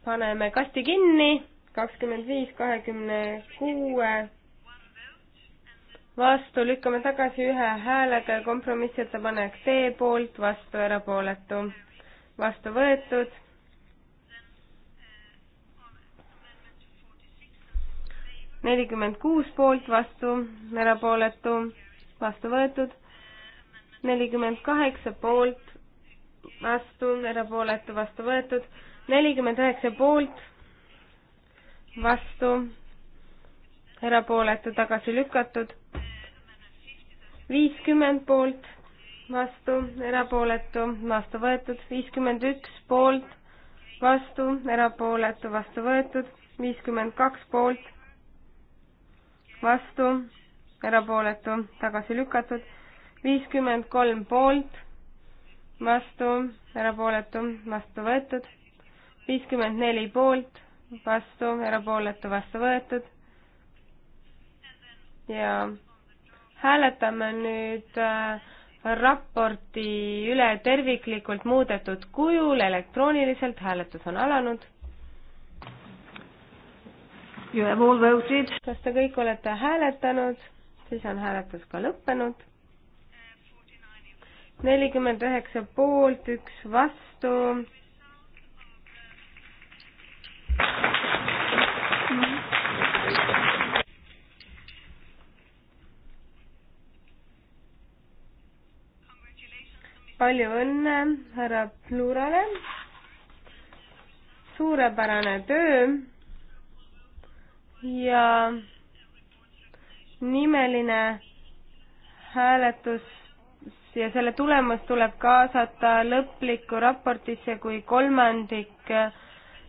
paneme kasti kinni, kakskümmend viis, kahekümne kuue vastu, lükkame tagasi ühe häälega kompromissettepanek D poolt, vastu erapooletu. vastu võetud nelikümmend kuus poolt vastu, erapooletu, vastu võetud, nelikümmend kaheksa poolt vastu, erapooletu, vastu võetud, nelikümmend üheksa poolt vastu, erapooletu, tagasi lükatud, viiskümmend poolt vastu, erapooletu, vastu võetud, viiskümmend üks poolt, vastu, erapooletu, vastu võetud, viiskümmend kaks poolt, vastu, erapooletu, tagasi lükatud, viiskümmend kolm poolt, vastu, erapooletu, vastu võetud, viiskümmend neli poolt, vastu, erapooletu, vastu võetud ja hääletame nüüd äh, raporti üle terviklikult muudetud kujul elektrooniliselt, hääletus on alanud You have all voted. kas te kõik olete hääletanud? siis on hääletus ka lõppenud. nelikümmend üheksa poolt, üks vastu. palju õnne härra Plurale. suurepärane töö ja nimeline hääletus ja selle tulemus tuleb kaasata lõplikku raportisse, kui kolmandik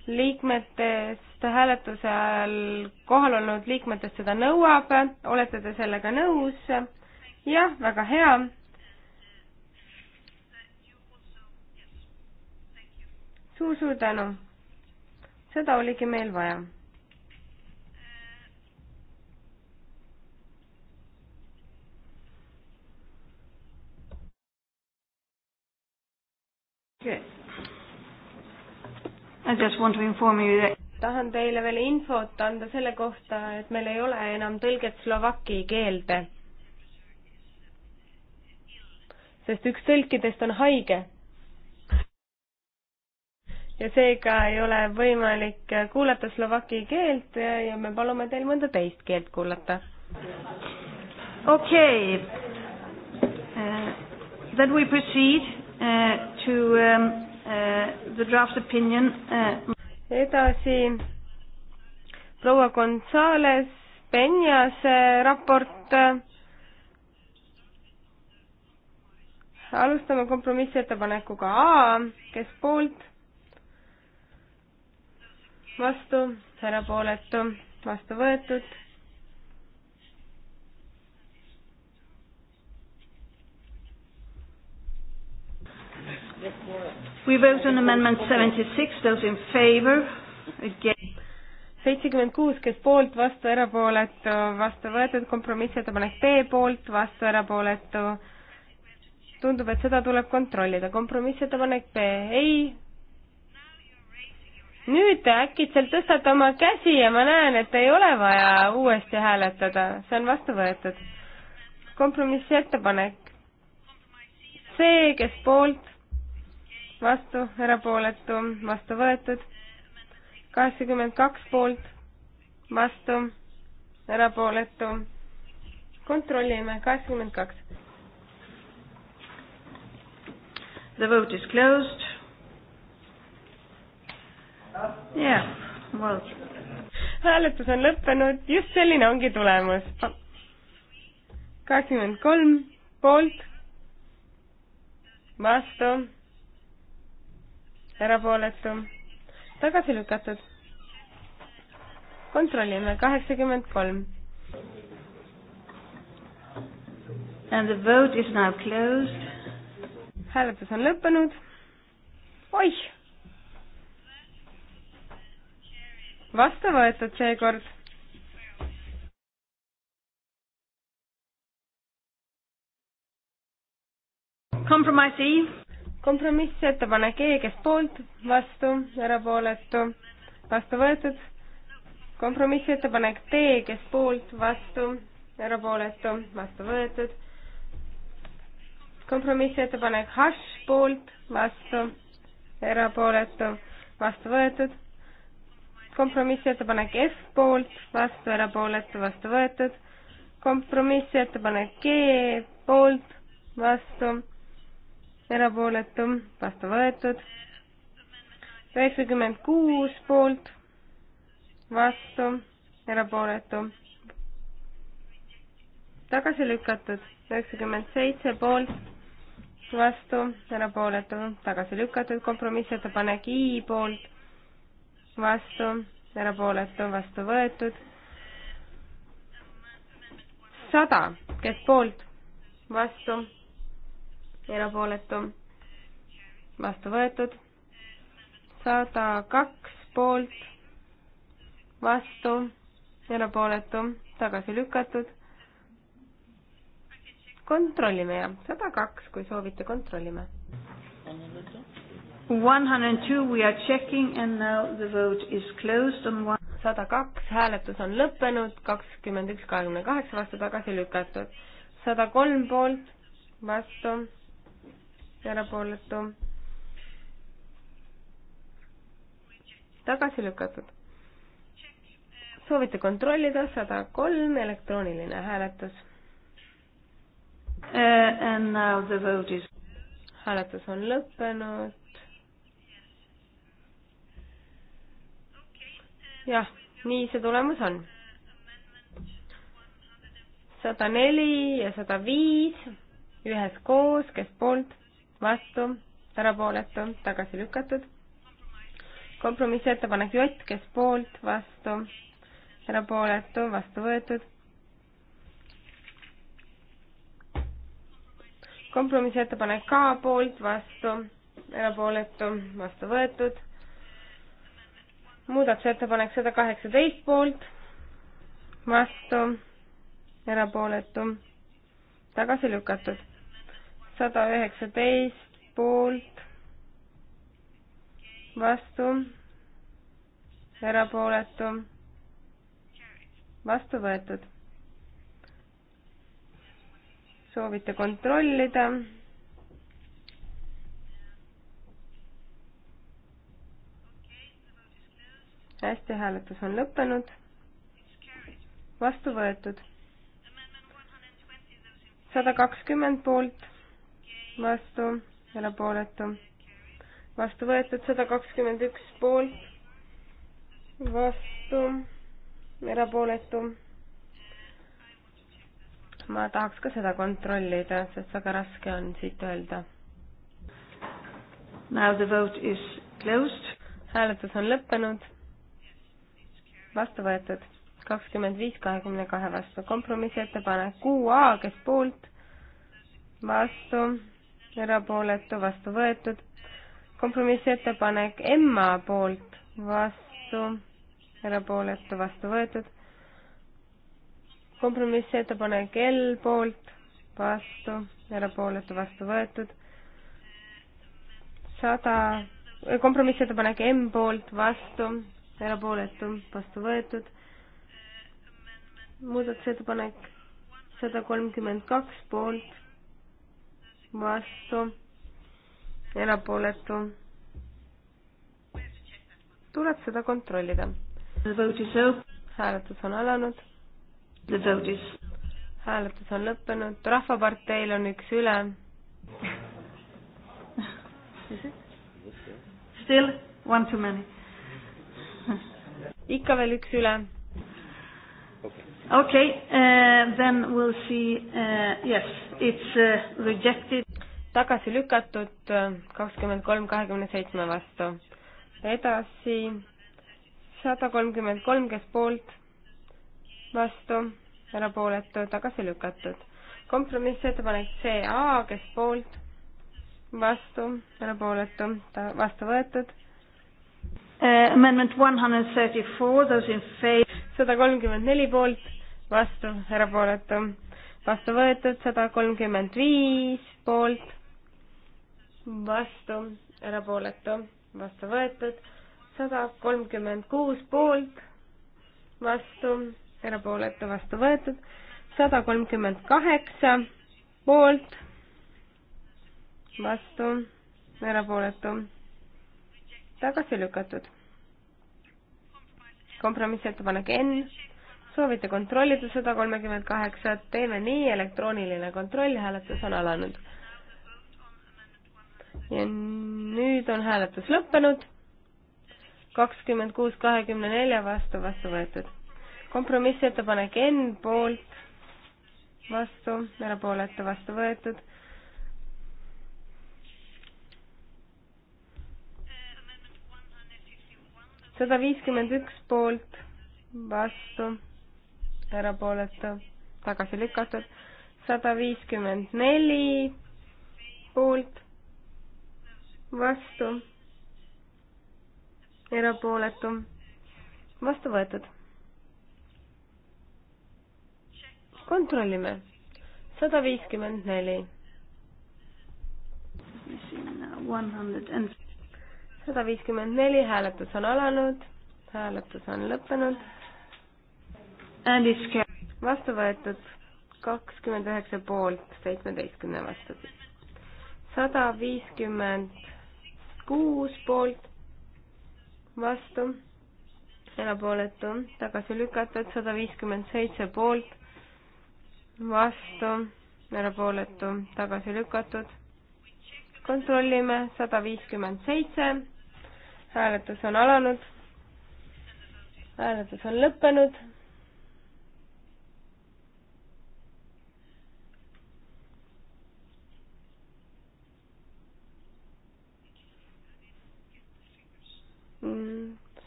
liikmetest hääletuse ajal kohal olnud liikmetest seda nõuab. olete te sellega nõus? jah, väga hea. suur-suur tänu. seda oligi meil vaja That... tahan teile veel infot anda selle kohta, et meil ei ole enam tõlget slovaki keelde. sest üks tõlkidest on haige. ja seega ei ole võimalik kuulata slovaki keelt ja, ja me palume teil mõnda teist keelt kuulata. okei okay. uh,, then we proceed uh, to um, Uh, the draft opinion uh.... edasi proua Gonzales Penjase uh, raport. alustame kompromissettepanekuga A, kes poolt? vastu, erapooletu, vastu võetud Yes, more. We vote on amendment seventy six, those in favor, again. seitsekümmend kuus, kes poolt, vastu, erapooletu, vastu võetud, kompromissettepanek B poolt, vastu, erapooletu. tundub, et seda tuleb kontrollida, kompromissettepanek B, ei. nüüd te äkitselt tõstate oma käsi ja ma näen, et ei ole vaja uuesti hääletada, see on vastu võetud. kompromissettepanek C, kes poolt vastu, erapooletu, vastu võetud. kaheksakümmend kaks poolt, vastu, erapooletu. kontrollime, kaheksakümmend kaks. The vote is closed. Yeah, well. hääletus on lõppenud, just selline ongi tulemus. kakskümmend kolm poolt, vastu erapooletu, tagasi lükatud. kontrollime, kaheksakümmend kolm. And the vote is now closed. hääletus on lõppenud. oih! vastu võetud seekord. Compromise E kompromissettepanek E, kes poolt, vastu, erapooletu, vastu võetud. kompromissettepanek D, kes poolt, vastu, erapooletu, vastu võetud. kompromissettepanek H, poolt, vastu, erapooletu, vastu võetud kompromissettepanek F poolt, vastu, erapooletu, vastu võetud. kompromissettepanek G poolt, vastu, erapooletu, vastu võetud. üheksakümmend kuus poolt, vastu, erapooletu, tagasi lükatud. üheksakümmend seitse poolt, vastu, erapooletu, tagasi lükatud. kompromissettepanek I poolt, vastu, erapooletu, vastu võetud. sada, kes poolt, vastu erapooletu, vastu võetud, sada kaks poolt, vastu, erapooletu, tagasi lükatud. kontrollime jah, sada kaks, kui soovite, kontrollime. One hundred and two, we are checking and now the vote is closed on one sada kaks, hääletus on lõppenud, kakskümmend üks, kahekümne kaheksa vastu tagasi lükatud. sada kolm poolt, vastu, erapooletu, tagasi lükatud. soovite kontrollida, sada kolm, elektrooniline hääletus uh,. Is... hääletus on lõppenud. jah, nii see tulemus on. sada neli ja sada viis üheskoos, kes poolt vastu, erapooletu, tagasi lükatud. kompromissettepanek J, kes poolt, vastu, erapooletu, vastu võetud. kompromissettepanek K poolt, vastu, erapooletu, vastu võetud. muudatusettepanek sada kaheksateist poolt, vastu, erapooletu, tagasi lükatud sada üheksateist poolt, vastu, erapooletu, vastu võetud. soovite kontrollida? hästi, hääletus on lõppenud. vastu võetud. sada kakskümmend poolt vastu, erapooletu, vastu võetud sada kakskümmend üks poolt, vastu, erapooletu. ma tahaks ka seda kontrollida, sest väga raske on siit öelda. Now the vote is closed. hääletus on lõppenud. vastu võetud kakskümmend viis kahekümne kahe vastu. kompromissettepanek QA, kes poolt, vastu erapooletu, vastu võetud. kompromissettepanek Emma poolt, vastu, erapooletu, vastu võetud. kompromissettepanek L poolt, vastu, erapooletu, vastu võetud. sada, kompromissettepanek M poolt, vastu, erapooletu, vastu võetud. muudatusettepanek sada kolmkümmend kaks poolt vastu, erapooletu. tuleb seda kontrollida. hääletus on alanud. hääletus on lõppenud, Rahvaparteil on üks üle. Still one too many. ikka veel üks üle Okay. Uh, then we'll see. Uh, yes, it's uh, rejected tagasi lükatud äh, kakskümmend kolm kahekümne seitsme vastu. edasi sada kolmkümmend kolm, kes poolt, vastu, erapooletu, tagasi lükatud. kompromissettepanek CA, kes poolt, vastu, erapooletu, ta vastu võetud. Äh, amendment one hundred thirty four, those in favor. sada kolmkümmend neli poolt, vastu, erapooletu, vastu võetud, sada kolmkümmend viis poolt vastu, erapooletu, vastu võetud, sada kolmkümmend kuus poolt, vastu, erapooletu, vastu võetud, sada kolmkümmend kaheksa poolt, vastu, erapooletu, tagasi lükatud. kompromissettepanek N, soovite kontrollida sada kolmekümmend kaheksat, teeme nii, elektrooniline kontroll, hääletus on alanud ja nüüd on hääletus lõppenud. kakskümmend kuus kahekümne nelja vastu, vastu võetud. kompromissettepanek N poolt, vastu, erapooletu, vastu võetud. sada viiskümmend üks poolt, vastu, erapooletu, tagasi lükatud. sada viiskümmend neli poolt, vastu, erapooletu, vastu võetud. kontrollime, sada viiskümmend neli. sada viiskümmend neli, hääletus on alanud, hääletus on lõppenud. vastu võetud kakskümmend üheksa poolt, seitsmeteistkümne vastu siis sada viiskümmend kuus poolt, vastu, erapooletu, tagasi lükatud, sada viiskümmend seitse poolt, vastu, erapooletu, tagasi lükatud. kontrollime, sada viiskümmend seitse, hääletus on alanud, hääletus on lõppenud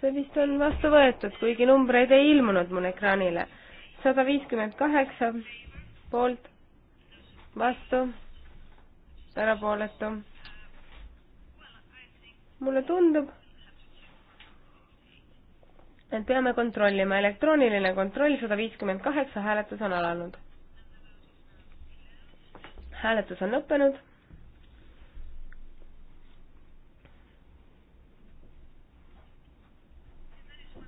see vist on vastu võetud, kuigi numbreid ei ilmunud mul ekraanile. sada viiskümmend kaheksa poolt, vastu, erapooletu. mulle tundub, et peame kontrollima, elektrooniline kontroll sada viiskümmend kaheksa, hääletus on alanud. hääletus on lõppenud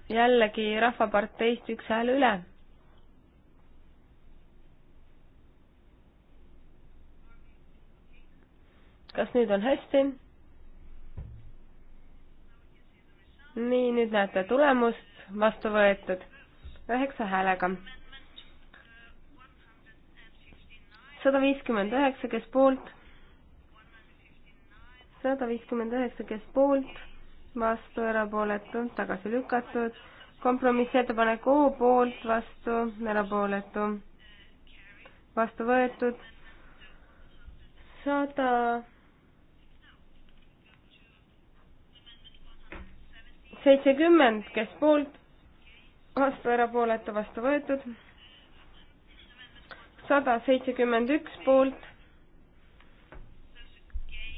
jällegi Rahvaparteist üks hääl üle. kas nüüd on hästi? nii, nüüd näete tulemust, vastu võetud üheksa häälega. sada viiskümmend üheksa, kes poolt? sada viiskümmend üheksa, kes poolt? vastu, erapooletu, tagasi lükatud. kompromissettepanek O poolt, vastu, erapooletu, vastu võetud. sada seitsekümmend, kes poolt, vastu, erapooletu, vastu võetud. sada seitsekümmend üks poolt,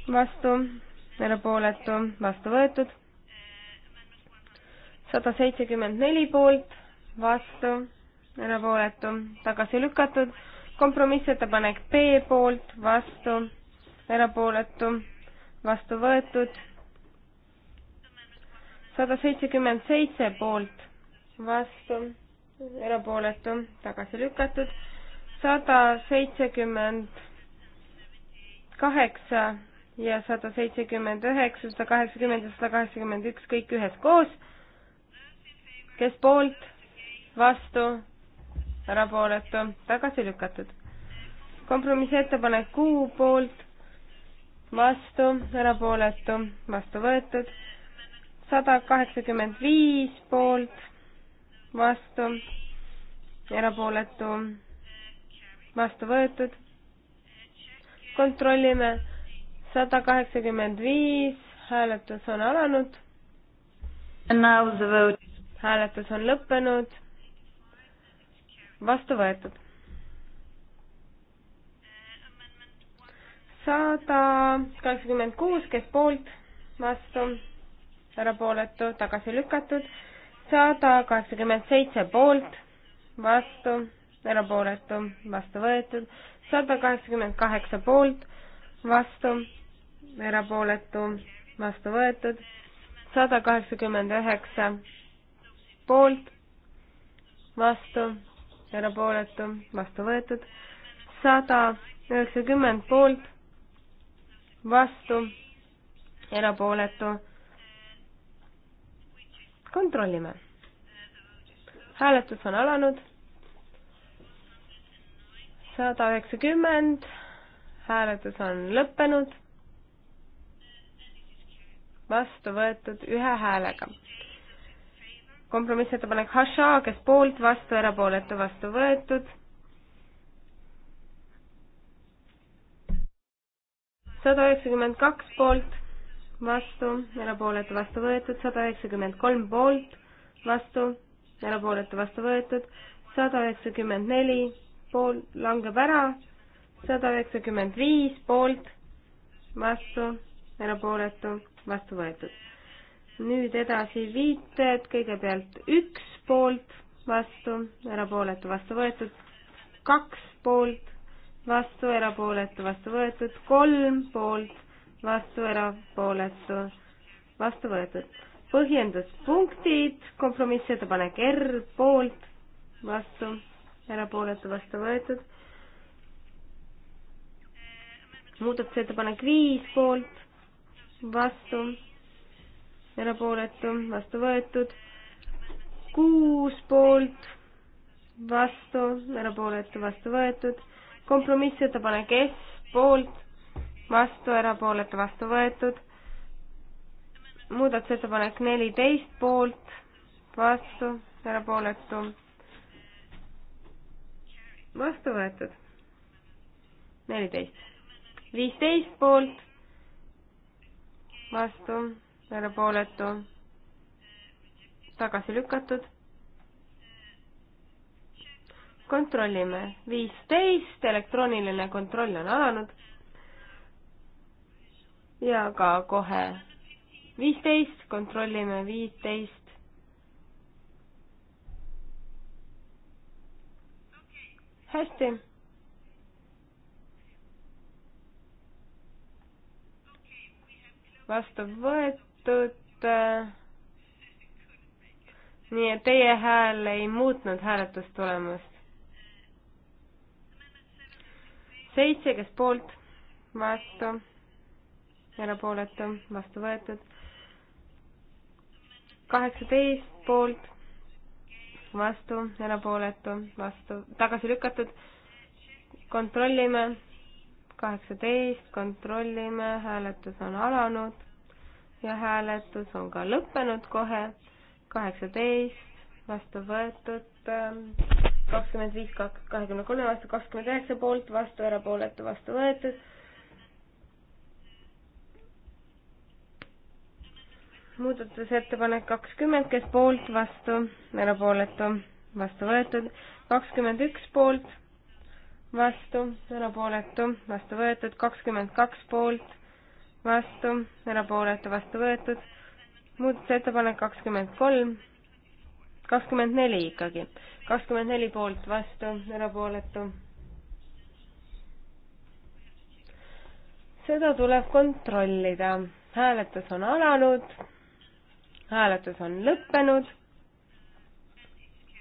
vastu, erapooletu, vastu võetud sada seitsekümmend neli poolt, vastu, erapooletu, tagasi lükatud. kompromissettepanek B poolt, vastu, erapooletu, vastu võetud. sada seitsekümmend seitse poolt, vastu, erapooletu, tagasi lükatud. sada seitsekümmend kaheksa ja sada seitsekümmend üheksa, sada kaheksakümmend ja sada kaheksakümmend üks kõik üheskoos kes poolt, vastu, erapooletu, tagasi lükatud. kompromissettepanek kuu poolt, vastu, erapooletu, vastu võetud. sada kaheksakümmend viis poolt, vastu, erapooletu, vastu võetud. kontrollime, sada kaheksakümmend viis, hääletus on alanud. And now the vote hääletus on lõppenud, vastu võetud. sada kaheksakümmend kuus, kes poolt, vastu, erapooletu, tagasi lükatud, sada kaheksakümmend seitse poolt, vastu, erapooletu, vastu võetud, sada kaheksakümmend kaheksa poolt, vastu, erapooletu, vastu võetud, sada kaheksakümmend üheksa poolt, vastu, erapooletu, vastu võetud, sada üheksakümmend poolt, vastu, erapooletu. kontrollime. hääletus on alanud. sada üheksakümmend, hääletus on lõppenud vastu võetud ühe häälega kompromissettepanek Haša, kes poolt, vastu, erapooletu, vastu võetud. sada üheksakümmend kaks poolt, vastu, erapooletu, vastu võetud, sada üheksakümmend kolm poolt, vastu, erapooletu, vastu võetud, sada üheksakümmend neli pool langeb ära, sada üheksakümmend viis poolt, vastu, erapooletu, vastu võetud nüüd edasi viited, kõigepealt üks poolt vastu, erapooletu vastu võetud, kaks poolt vastu, erapooletu vastu võetud, kolm poolt vastu, erapooletu vastu võetud. põhjenduspunktid, kompromissettepanek R poolt vastu, erapooletu vastu võetud. muudatusettepanek viis poolt vastu erapooletu, vastu võetud. kuus poolt, vastu, erapooletu, vastu võetud. kompromissettepanek S poolt, vastu, erapooletu, vastu võetud. muudatusettepanek neliteist poolt, vastu, erapooletu, vastu võetud. neliteist, viisteist poolt, vastu erapooletu, tagasi lükatud. kontrollime, viisteist, elektrooniline kontroll on alanud. ja ka kohe viisteist, kontrollime viiteist. hästi. vastu võetud võetud. nii et teie hääl ei muutnud hääletustulemust. seitse, kes poolt, vastu, erapooletu, vastu võetud. kaheksateist poolt, vastu, erapooletu, vastu, tagasi lükatud. kontrollime kaheksateist, kontrollime, hääletus on alanud ja hääletus on ka lõppenud kohe, kaheksateist vastu võetud, ähm, kakskümmend viis, kahekümne kolme vastu, kakskümmend üheksa poolt vastu, erapooletu vastu võetud. muudatusettepanek kakskümmend, kes poolt, vastu, erapooletu, vastu võetud, kakskümmend üks poolt, vastu, erapooletu, vastu võetud, kakskümmend kaks poolt vastu, erapooletu, vastu võetud. muudatusettepanek kakskümmend kolm, kakskümmend neli ikkagi, kakskümmend neli poolt, vastu, erapooletu. seda tuleb kontrollida. hääletus on alanud, hääletus on lõppenud,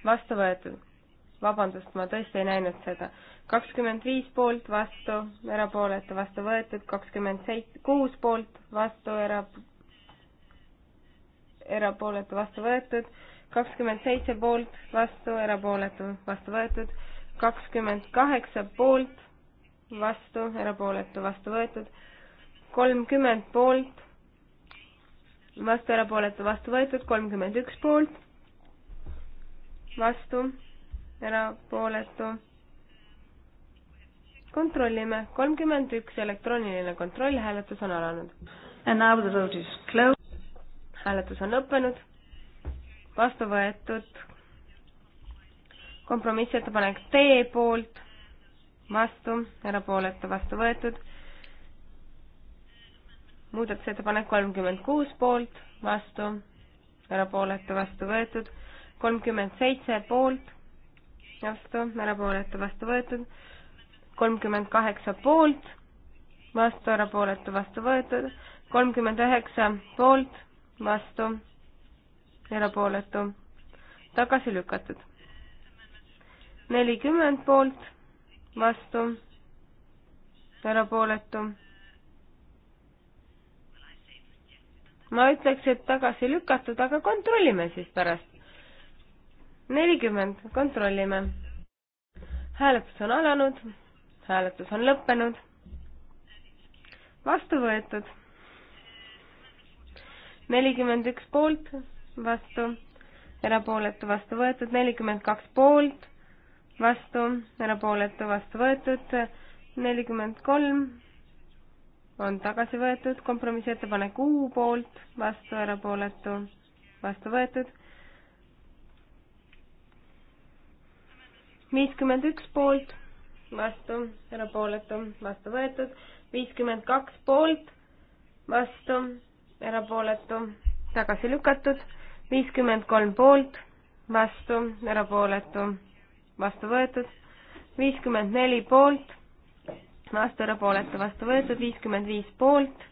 vastu võetud. vabandust, ma tõesti ei näinud seda kakskümmend viis poolt, vastu, erapooletu, vastu võetud, kakskümmend seit-, kuus poolt, vastu, era-, erapooletu, vastu võetud, kakskümmend seitse poolt, vastu, erapooletu, vastu võetud, kakskümmend kaheksa poolt, vastu, erapooletu, vastu võetud, kolmkümmend poolt, vastu, erapooletu, vastu võetud, kolmkümmend üks poolt, vastu, erapooletu kontrollime, kolmkümmend üks elektrooniline kontroll, hääletus on alanud. hääletus on lõppenud, vastu võetud, kompromissettepanek D poolt, vastu, erapooletu, vastu võetud, muudatusettepanek kolmkümmend kuus poolt, vastu, erapooletu, vastu võetud, kolmkümmend seitse poolt, vastu, erapooletu, vastu võetud, kolmkümmend kaheksa poolt, vastu, erapooletu, vastu võetud, kolmkümmend üheksa poolt, vastu, erapooletu, tagasi lükatud. nelikümmend poolt, vastu, erapooletu. ma ütleks, et tagasi lükatud, aga kontrollime siis pärast. nelikümmend, kontrollime. hääletus on alanud hääletus on lõppenud. vastu võetud. nelikümmend üks poolt, vastu, erapooletu, vastu võetud, nelikümmend kaks poolt, vastu, erapooletu, vastu võetud, nelikümmend kolm on tagasi võetud, kompromissettepanek U poolt, vastu, erapooletu, vastu võetud viiskümmend üks poolt, vastu, erapooletu, vastu võetud, viiskümmend kaks poolt, vastu, erapooletu, tagasi lükatud, viiskümmend kolm poolt, vastu, erapooletu, vastu võetud, viiskümmend neli poolt, vastu, erapooletu, vastu võetud, viiskümmend viis poolt,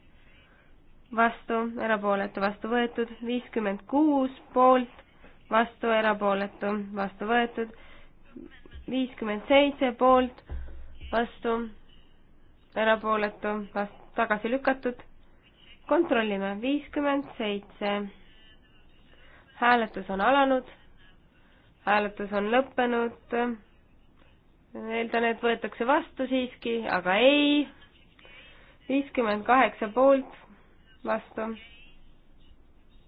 vastu, erapooletu, vastu võetud, viiskümmend kuus poolt, vastu, erapooletu, vastu võetud, viiskümmend seitse poolt, vastu, erapooletu, vast-, tagasi lükatud. kontrollime, viiskümmend seitse. hääletus on alanud, hääletus on lõppenud. eeldan, et võetakse vastu siiski, aga ei. viiskümmend kaheksa poolt, vastu,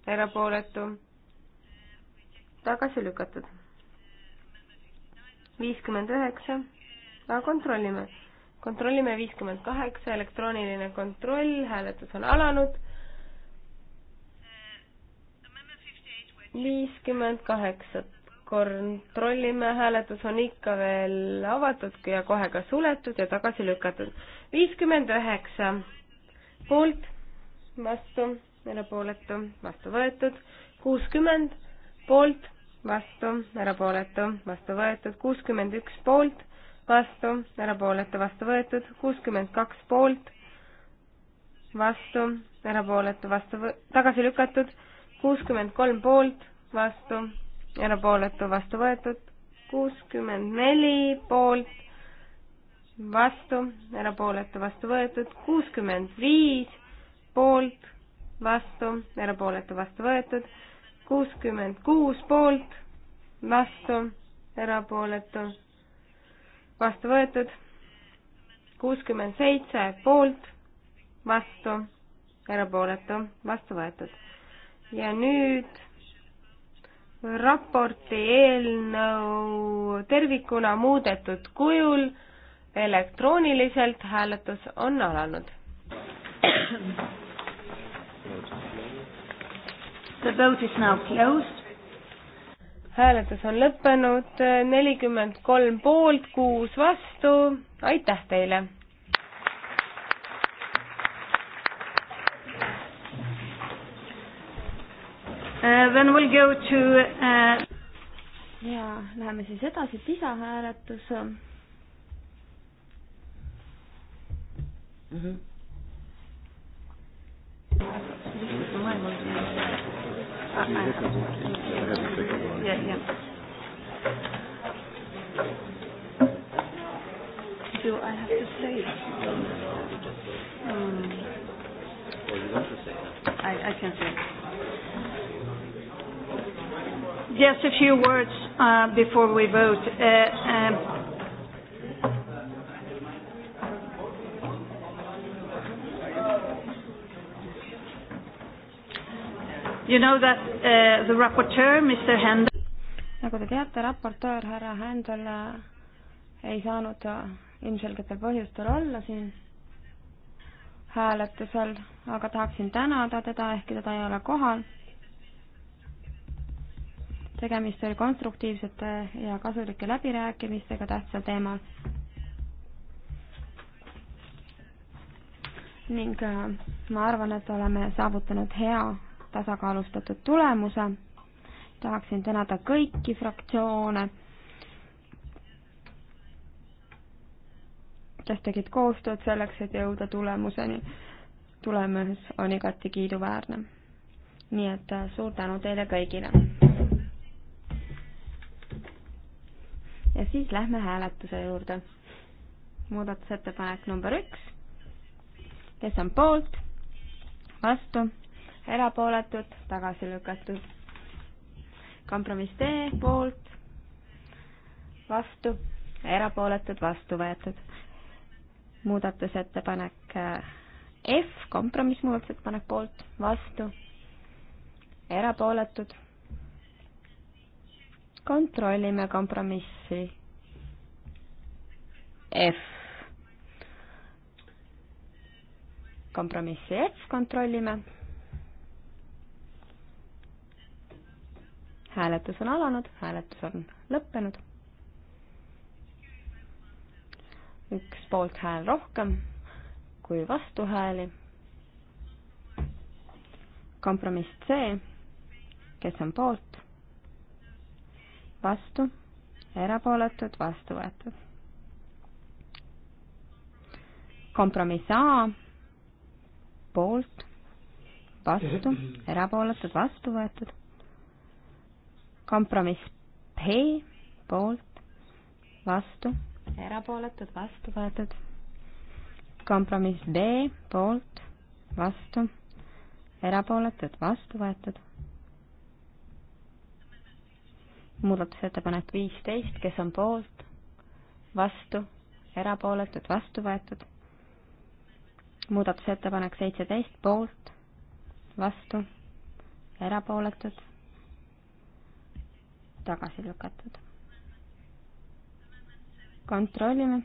erapooletu, tagasi lükatud viiskümmend üheksa, aga kontrollime. kontrollime viiskümmend kaheksa, elektrooniline kontroll, hääletus on alanud. viiskümmend kaheksa, kontrollime, hääletus on ikka veel avatud ja kohe ka suletud ja tagasi lükatud. viiskümmend üheksa poolt, vastu, erapooletu, vastu võetud, kuuskümmend poolt vastu, erapooletu, vastu võetud, kuuskümmend üks poolt, vastu, erapooletu, vastu võetud, kuuskümmend kaks poolt, vastu, erapooletu, vastu võ-, tagasi lükatud, kuuskümmend kolm poolt, vastu, erapooletu, vastu võetud, kuuskümmend neli poolt, vastu, erapooletu, vastu võetud, kuuskümmend viis poolt, vastu, erapooletu, vastu võetud, kuuskümmend kuus poolt, vastu, erapooletu, vastu võetud, kuuskümmend seitse poolt, vastu, erapooletu, vastu võetud. ja nüüd raporti eelnõu tervikuna muudetud kujul elektrooniliselt hääletus on alanud. The vote is now closed. hääletus on lõppenud, nelikümmend kolm poolt, kuus vastu, aitäh teile! Uh, then we'll go to uh... ja läheme siis edasi, PISA hääletus mm. -hmm. I, I have a vote. I have a second one. Yeah, yeah. Do I have to say it? Um, or you want to say it? I, I can say it. Just a few words uh, before we vote. Uh, um, You know that uh, the rapporteur, Mr Händel nagu te teate, raportöör härra Händel äh, ei saanud äh, ilmselgetel põhjustel olla siin hääletusel, aga tahaksin tänada teda, ehkki teda ei ole kohal. tegemist oli konstruktiivsete ja kasulike läbirääkimistega tähtsal teemal. ning äh, ma arvan, et oleme saavutanud hea tasakaalustatud tulemuse. tahaksin tänada kõiki fraktsioone, kes tegid koostööd selleks, et jõuda tulemuseni. tulemus on igati kiiduväärne. nii et äh, suur tänu teile kõigile. ja siis lähme hääletuse juurde. muudatusettepanek number üks, kes on poolt, vastu erapooletud, tagasi lükatud. kompromiss D poolt, vastu, erapooletud, vastu võetud. muudatusettepanek eh, F, kompromiss muudatusettepanek poolt, vastu, erapooletud. kontrollime kompromissi F kompromissi F kontrollime hääletus on alanud, hääletus on lõppenud. üks poolthääl rohkem kui vastuhääli. kompromiss C, kes on poolt, vastu, erapooletud, vastu võetud. kompromiss A, poolt, vastu, erapooletud, vastu võetud kompromiss P poolt, vastu, erapooletud, vastu võetud. kompromiss D poolt, vastu, erapooletud, vastu võetud. muudatusettepanek viisteist, kes on poolt, vastu, erapooletud, vastu võetud. muudatusettepanek seitseteist poolt, vastu, erapooletud tagasi lükatud. kontrollime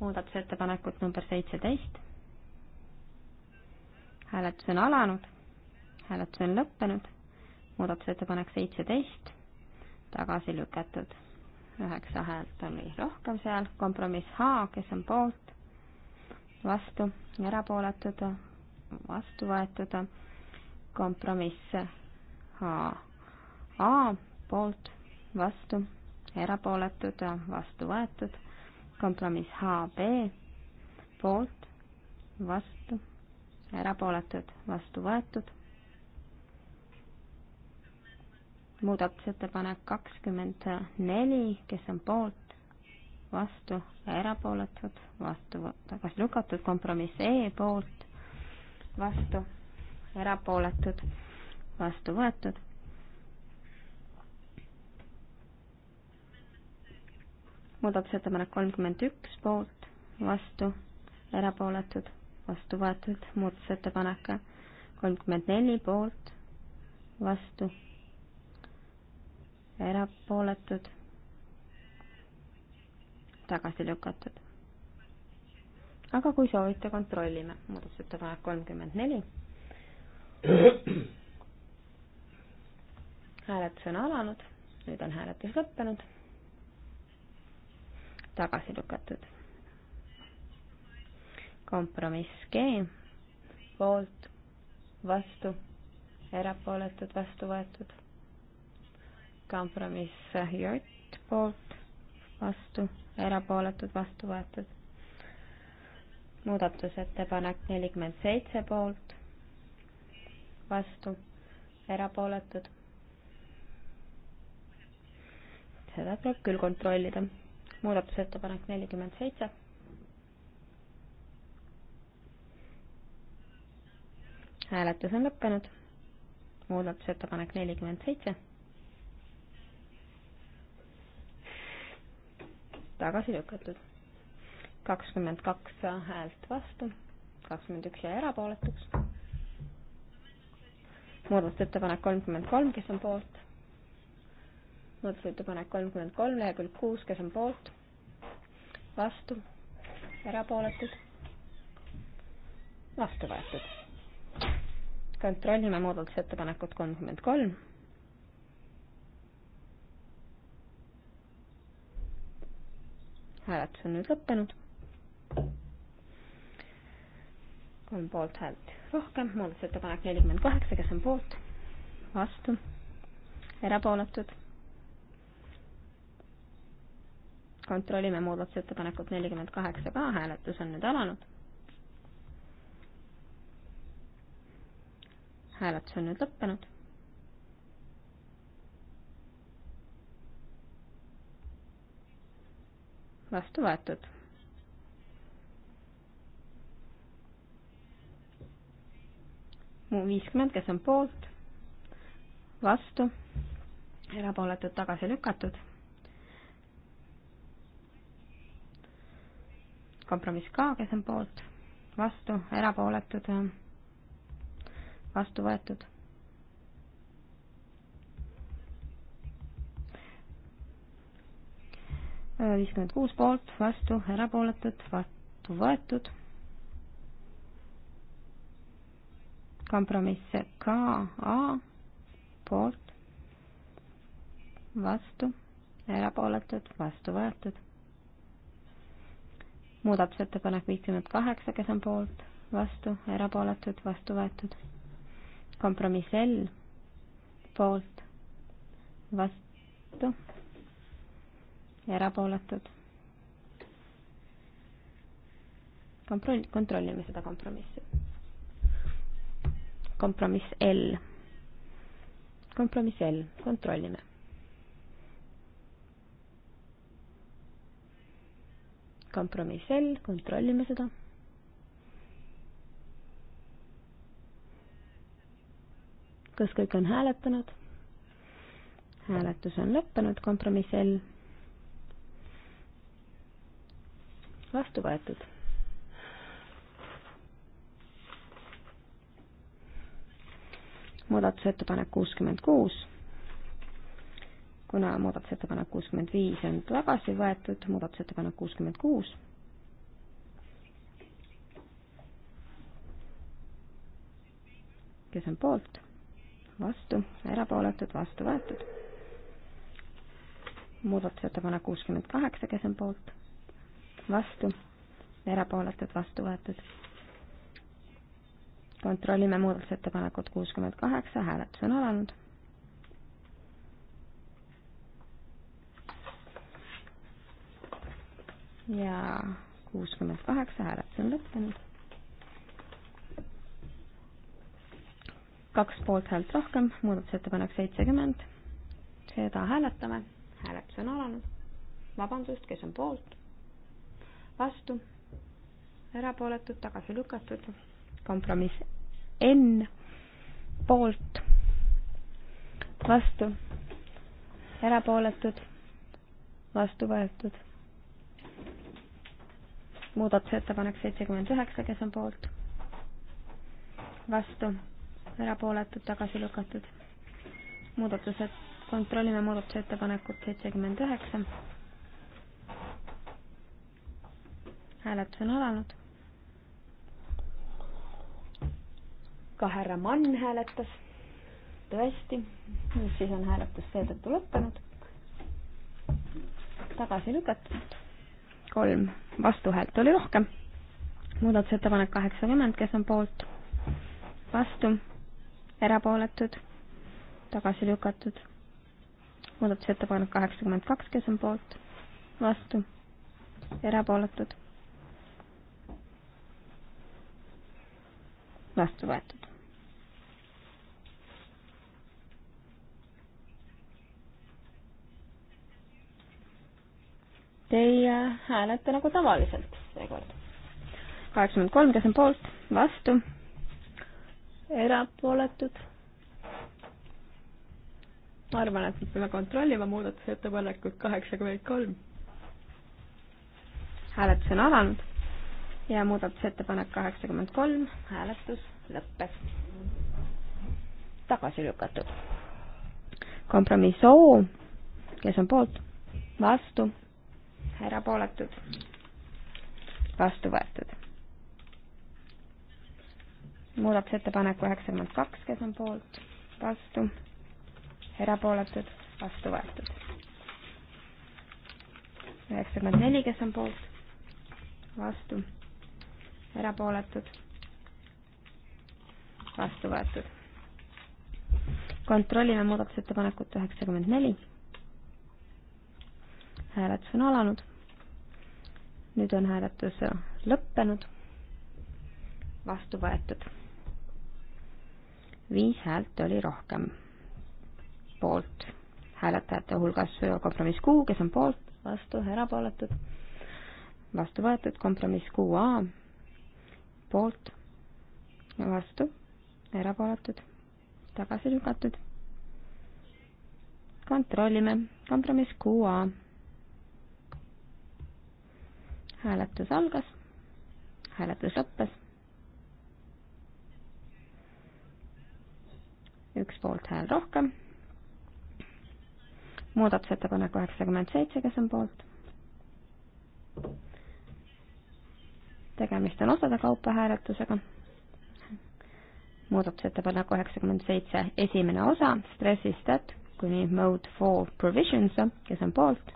muudatusettepanekut number seitseteist. hääletus on alanud, hääletus on lõppenud, muudatusettepanek seitseteist, tagasi lükatud. üheksa häält oli rohkem seal, kompromiss H, kes on poolt, vastu, erapooletud, vastu võetud, kompromiss H, A poolt, vastu, erapooletud, vastu võetud. kompromiss HB, poolt, vastu, erapooletud, vastu võetud. muudatusettepanek kakskümmend neli, kes on poolt, vastu, erapooletud, vastu, tagasi lükatud, kompromiss E poolt, vastu, erapooletud, vastu võetud. muudatusettepanek kolmkümmend üks poolt, vastu, erapooletud, vastu võetud, muudatusettepanek kolmkümmend neli poolt, vastu, erapooletud, tagasi lükatud. aga kui soovite, kontrollime muudatusettepanek kolmkümmend neli. hääletus on alanud, nüüd on hääletus lõppenud tagasi lükatud. kompromiss G poolt, vastu, erapooletud, vastu võetud. kompromiss J poolt, vastu, erapooletud, vastu võetud. muudatusettepanek nelikümmend seitse poolt, vastu, erapooletud. seda tuleb küll kontrollida muudatusettepanek nelikümmend seitse. hääletus on lõppenud. muudatusettepanek nelikümmend seitse. tagasi lükatud. kakskümmend kaks häält vastu, kakskümmend üks jäi erapooletuks. muudatusettepanek kolmkümmend kolm, kes on poolt muudatusettepanek kolmkümmend kolm, lehekülg kuus, kes on poolt, vastu, erapooletud, vastu võetud. kontrollime muudatusettepanekut kolmkümmend kolm. hääletus on nüüd lõppenud. kolm poolthäält rohkem, muudatusettepanek nelikümmend kaheksa, kes on poolt, vastu, erapooletud kontrollime muudatusettepanekut nelikümmend kaheksa ka, hääletus on nüüd alanud. hääletus on nüüd lõppenud. vastu võetud. viiskümmend, kes on poolt, vastu, erapooletud tagasi lükatud kompromiss ka, kes on poolt, vastu, erapooletud, vastu võetud. viiskümmend kuus poolt, vastu, erapooletud, vastu võetud. kompromiss ka A poolt, vastu, erapooletud, vastu võetud muudatusettepanek viiskümmend kaheksa, kes on poolt, vastu, erapooletud, vastu võetud. kompromiss L, poolt, vastu, erapooletud. kontroll, kontrollime seda kompromissi. kompromiss L, kompromiss L, kontrollime kompromiss L, kontrollime seda. kas kõik on hääletanud? hääletus on lõppenud, kompromiss L. vastu võetud. muudatusettepanek kuuskümmend kuus kuna muudatusettepanek kuuskümmend viis on tagasi võetud, muudatusettepanek kuuskümmend kuus. kes on poolt, vastu, erapooletud, vastu võetud. muudatusettepanek kuuskümmend kaheksa, kes on poolt, vastu, erapooletud, vastu võetud. kontrollime muudatusettepanekut kuuskümmend kaheksa, hääletus on alanud ja kuuskümmend kaheksa hääletus on lõppenud. kaks poolthäält rohkem, muudatusettepanek seitsekümmend. seda hääletame, hääletus on alanud. vabandust, kes on poolt? vastu? erapooletud, tagasi lükatud. kompromiss N poolt, vastu, erapooletud, vastu võetud muudatusettepanek seitsekümmend üheksa, kes on poolt? vastu, erapooletud, tagasi lükatud. muudatused, kontrollime muudatusettepanekut seitsekümmend üheksa. hääletus on alanud. ka härra Mann hääletas. tõesti, siis on hääletus seetõttu lõppenud. tagasi lükatud kolm vastuhäält oli rohkem. muudatusettepanek kaheksakümmend, kes on poolt, vastu, erapooletud, tagasi lükatud. muudatusettepanek kaheksakümmend kaks, kes on poolt, vastu, erapooletud, vastu võetud. Teie häälete nagu tavaliselt seekord. kaheksakümmend kolm, kes on poolt, vastu, erapooletud. ma arvan, et me peame kontrollima muudatusettepanekut kaheksakümmend kolm. hääletus on alanud ja muudatusettepanek kaheksakümmend kolm, hääletus lõppes. tagasi lükatud. kompromiss O, kes on poolt, vastu erapooletud, vastu võetud. muudatusettepanek üheksakümmend kaks, kes on poolt, vastu, erapooletud, vastu võetud. üheksakümmend neli, kes on poolt, vastu, erapooletud, vastu võetud. kontrollime muudatusettepanekut üheksakümmend neli hääletus on alanud. nüüd on hääletus lõppenud. vastu võetud. viis häält oli rohkem poolt. hääletajate hulgas kompromiss Q, kes on poolt, vastu, erapooletud. vastu võetud kompromiss QA, poolt, vastu, erapooletud, tagasi lükatud kontrollime. kompromiss QA hääletus algas, hääletus lõppes. üks poolthääl rohkem. muudatusettepanek kaheksakümmend seitse, kes on poolt? tegemist on osade kaupa hääletusega. muudatusettepanek kaheksakümmend seitse, esimene osa, stressistat kuni mode for provisions, kes on poolt?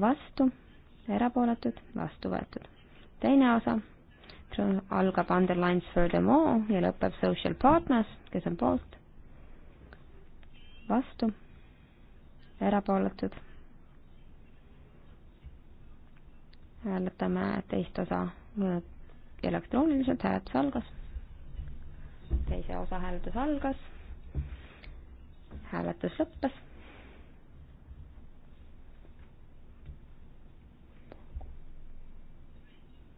vastu erapooletud, vastu võetud. teine osa algab underlines furthermore ja lõpeb social partners, kes on poolt, vastu, erapooletud. hääletame teist osa äh, elektrooniliselt, hääletus algas. teise osa hääletus algas. hääletus lõppes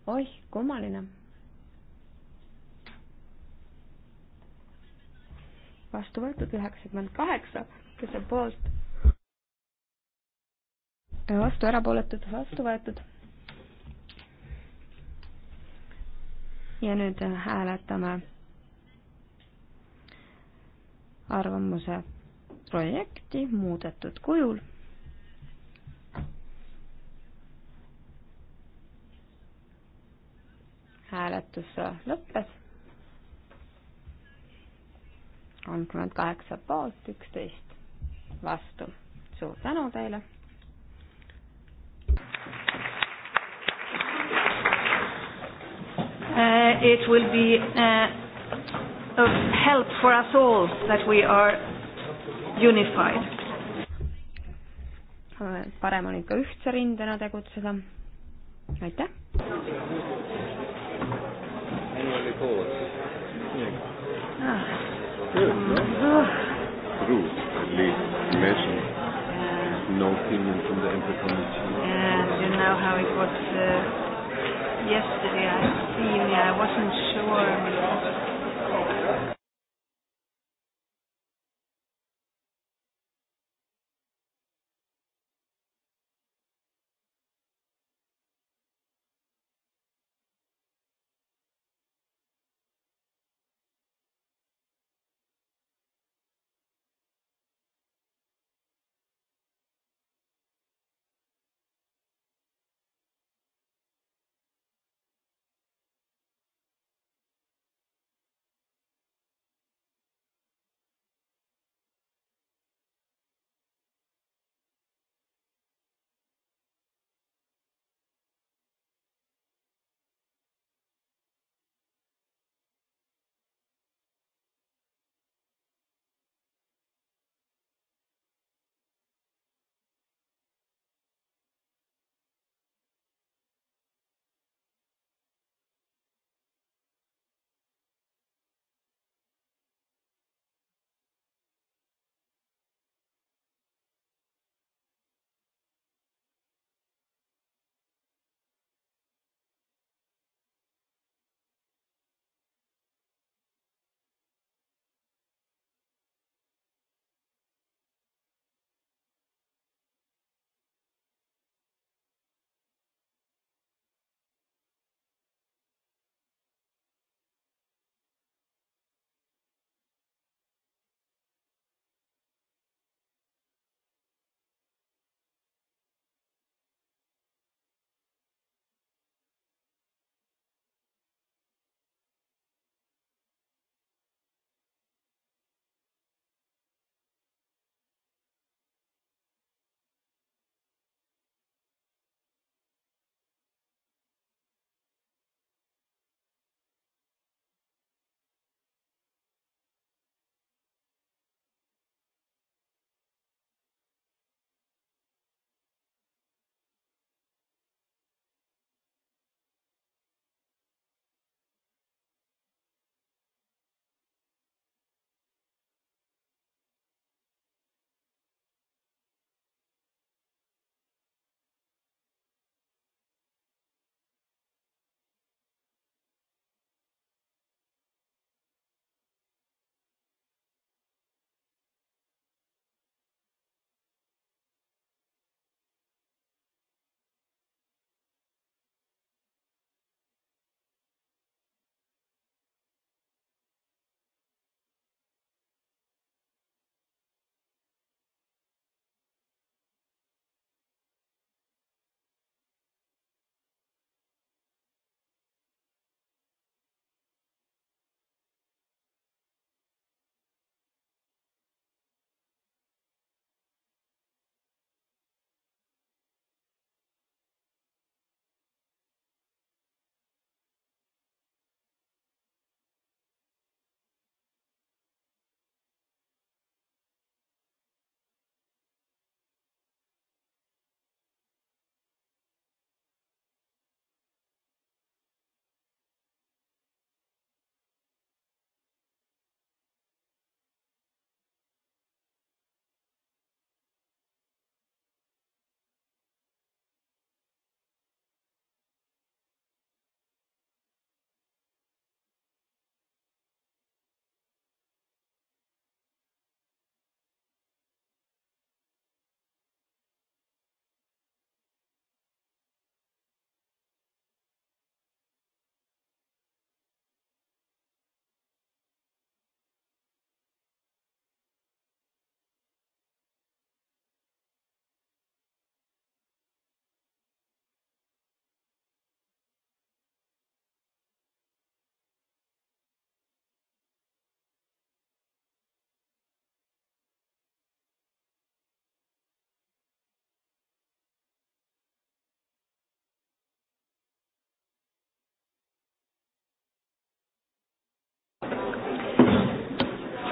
oih, kummaline. vastu võetud üheksakümmend kaheksa, kes on poolt? vastu erapooletud, vastu võetud. ja nüüd hääletame arvamuse projekti muudetud kujul hääletus lõppes. kolmkümmend kaheksa poolt, üksteist vastu. suur tänu teile. Uh, it will be uh, of help for us all that we are unified. parem on ikka ühtse rindena tegutseda. aitäh! forward. Ah. Good, no? Oh. True, at least. Imagine. Yeah. No opinion from the Emperor Committee. And you know how it was uh, yesterday. I seen, yeah, I wasn't sure.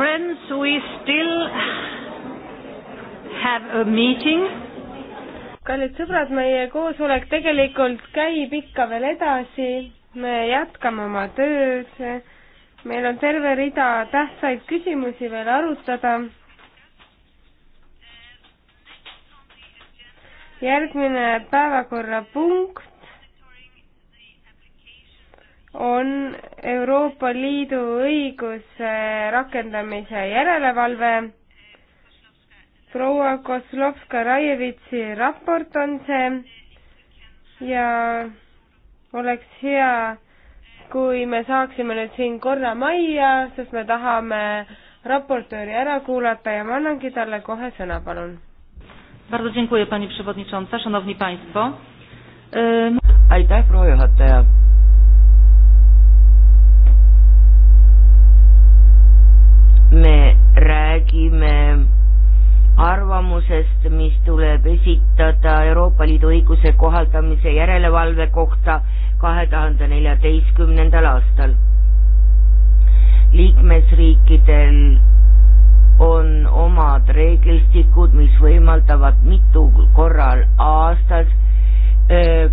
friends, we still have a meeting. kallid sõbrad, meie koosolek tegelikult käib ikka veel edasi, me jätkame oma tööd, meil on terve rida tähtsaid küsimusi veel arutada. järgmine päevakorrapunkt on Euroopa Liidu õiguse rakendamise järelevalve. proua Kozlovska-Rajevitsi raport on see ja oleks hea, kui me saaksime nüüd siin korra majja, sest me tahame raportööri ära kuulata ja ma annangi talle kohe sõna, palun. Bardzo dziękuję pani przewodnicząca, szanowni państwo. aitäh, proua juhataja me räägime arvamusest, mis tuleb esitada Euroopa Liidu õiguse kohaldamise järelevalve kohta kahe tuhande neljateistkümnendal aastal. liikmesriikidel on omad reeglistikud, mis võimaldavad mitu korral aastas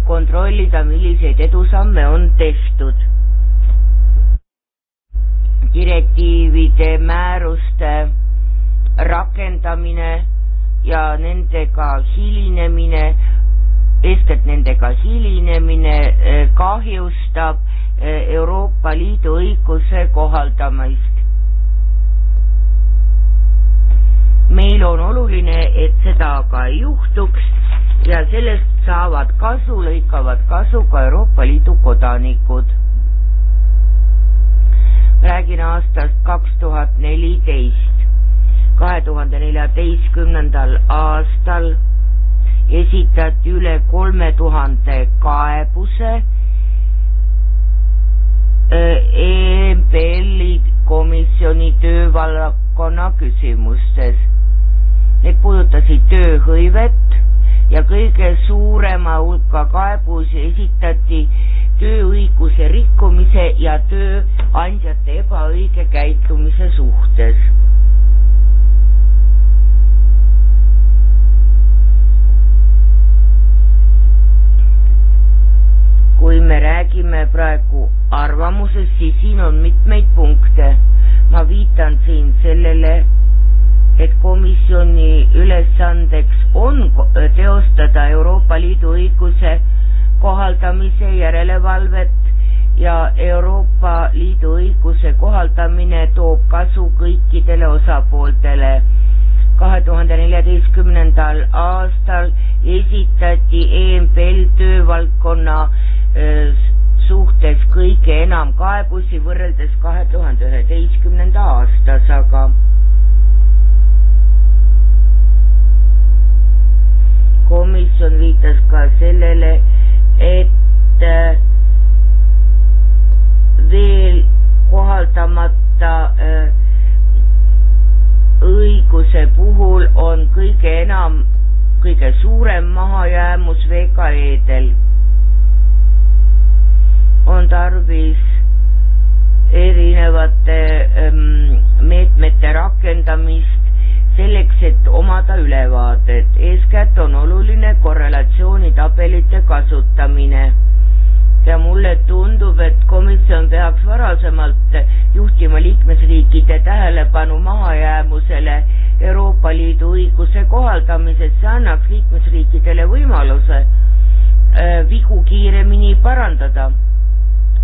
kontrollida, milliseid edusamme on tehtud direktiivide, määruste rakendamine ja nendega hilinemine, eeskätt nendega hilinemine eh, kahjustab eh, Euroopa Liidu õiguse kohaldamist. meil on oluline, et seda aga ei juhtuks ja sellest saavad kasu, lõikavad kasu ka Euroopa Liidu kodanikud räägin aastast kaks tuhat neliteist. kahe tuhande neljateistkümnendal aastal esitati üle kolme tuhande kaebuse äh, EMPL-i komisjoni töövaldkonna küsimustes. Need puudutasid tööhõivet ja kõige suurema hulka kaebusi esitati tööõiguse rikkumise ja tööandjate ebaõige käitumise suhtes. kui me räägime praegu arvamusest, siis siin on mitmeid punkte. ma viitan siin sellele, et komisjoni ülesandeks on teostada Euroopa Liidu õiguse kohaldamise järelevalvet ja Euroopa Liidu õiguse kohaldamine toob kasu kõikidele osapooltele. kahe tuhande neljateistkümnendal aastal esitati EMPL töövaldkonna öö, suhtes kõige enam kaebusi võrreldes kahe tuhande üheteistkümnenda aastasaga. komisjon viitas ka sellele, et äh, veel kohaldamata äh, õiguse puhul on kõige enam, kõige suurem mahajäämus VKE-del. on tarvis erinevate ähm, meetmete rakendamist selleks, et omada ülevaadet. eeskätt on oluline korrelatsioonitabelite kasutamine ja mulle tundub, et komisjon peaks varasemalt juhtima liikmesriikide tähelepanu mahajäämusele Euroopa Liidu õiguse kohaldamises, see annaks liikmesriikidele võimaluse äh, vigu kiiremini parandada.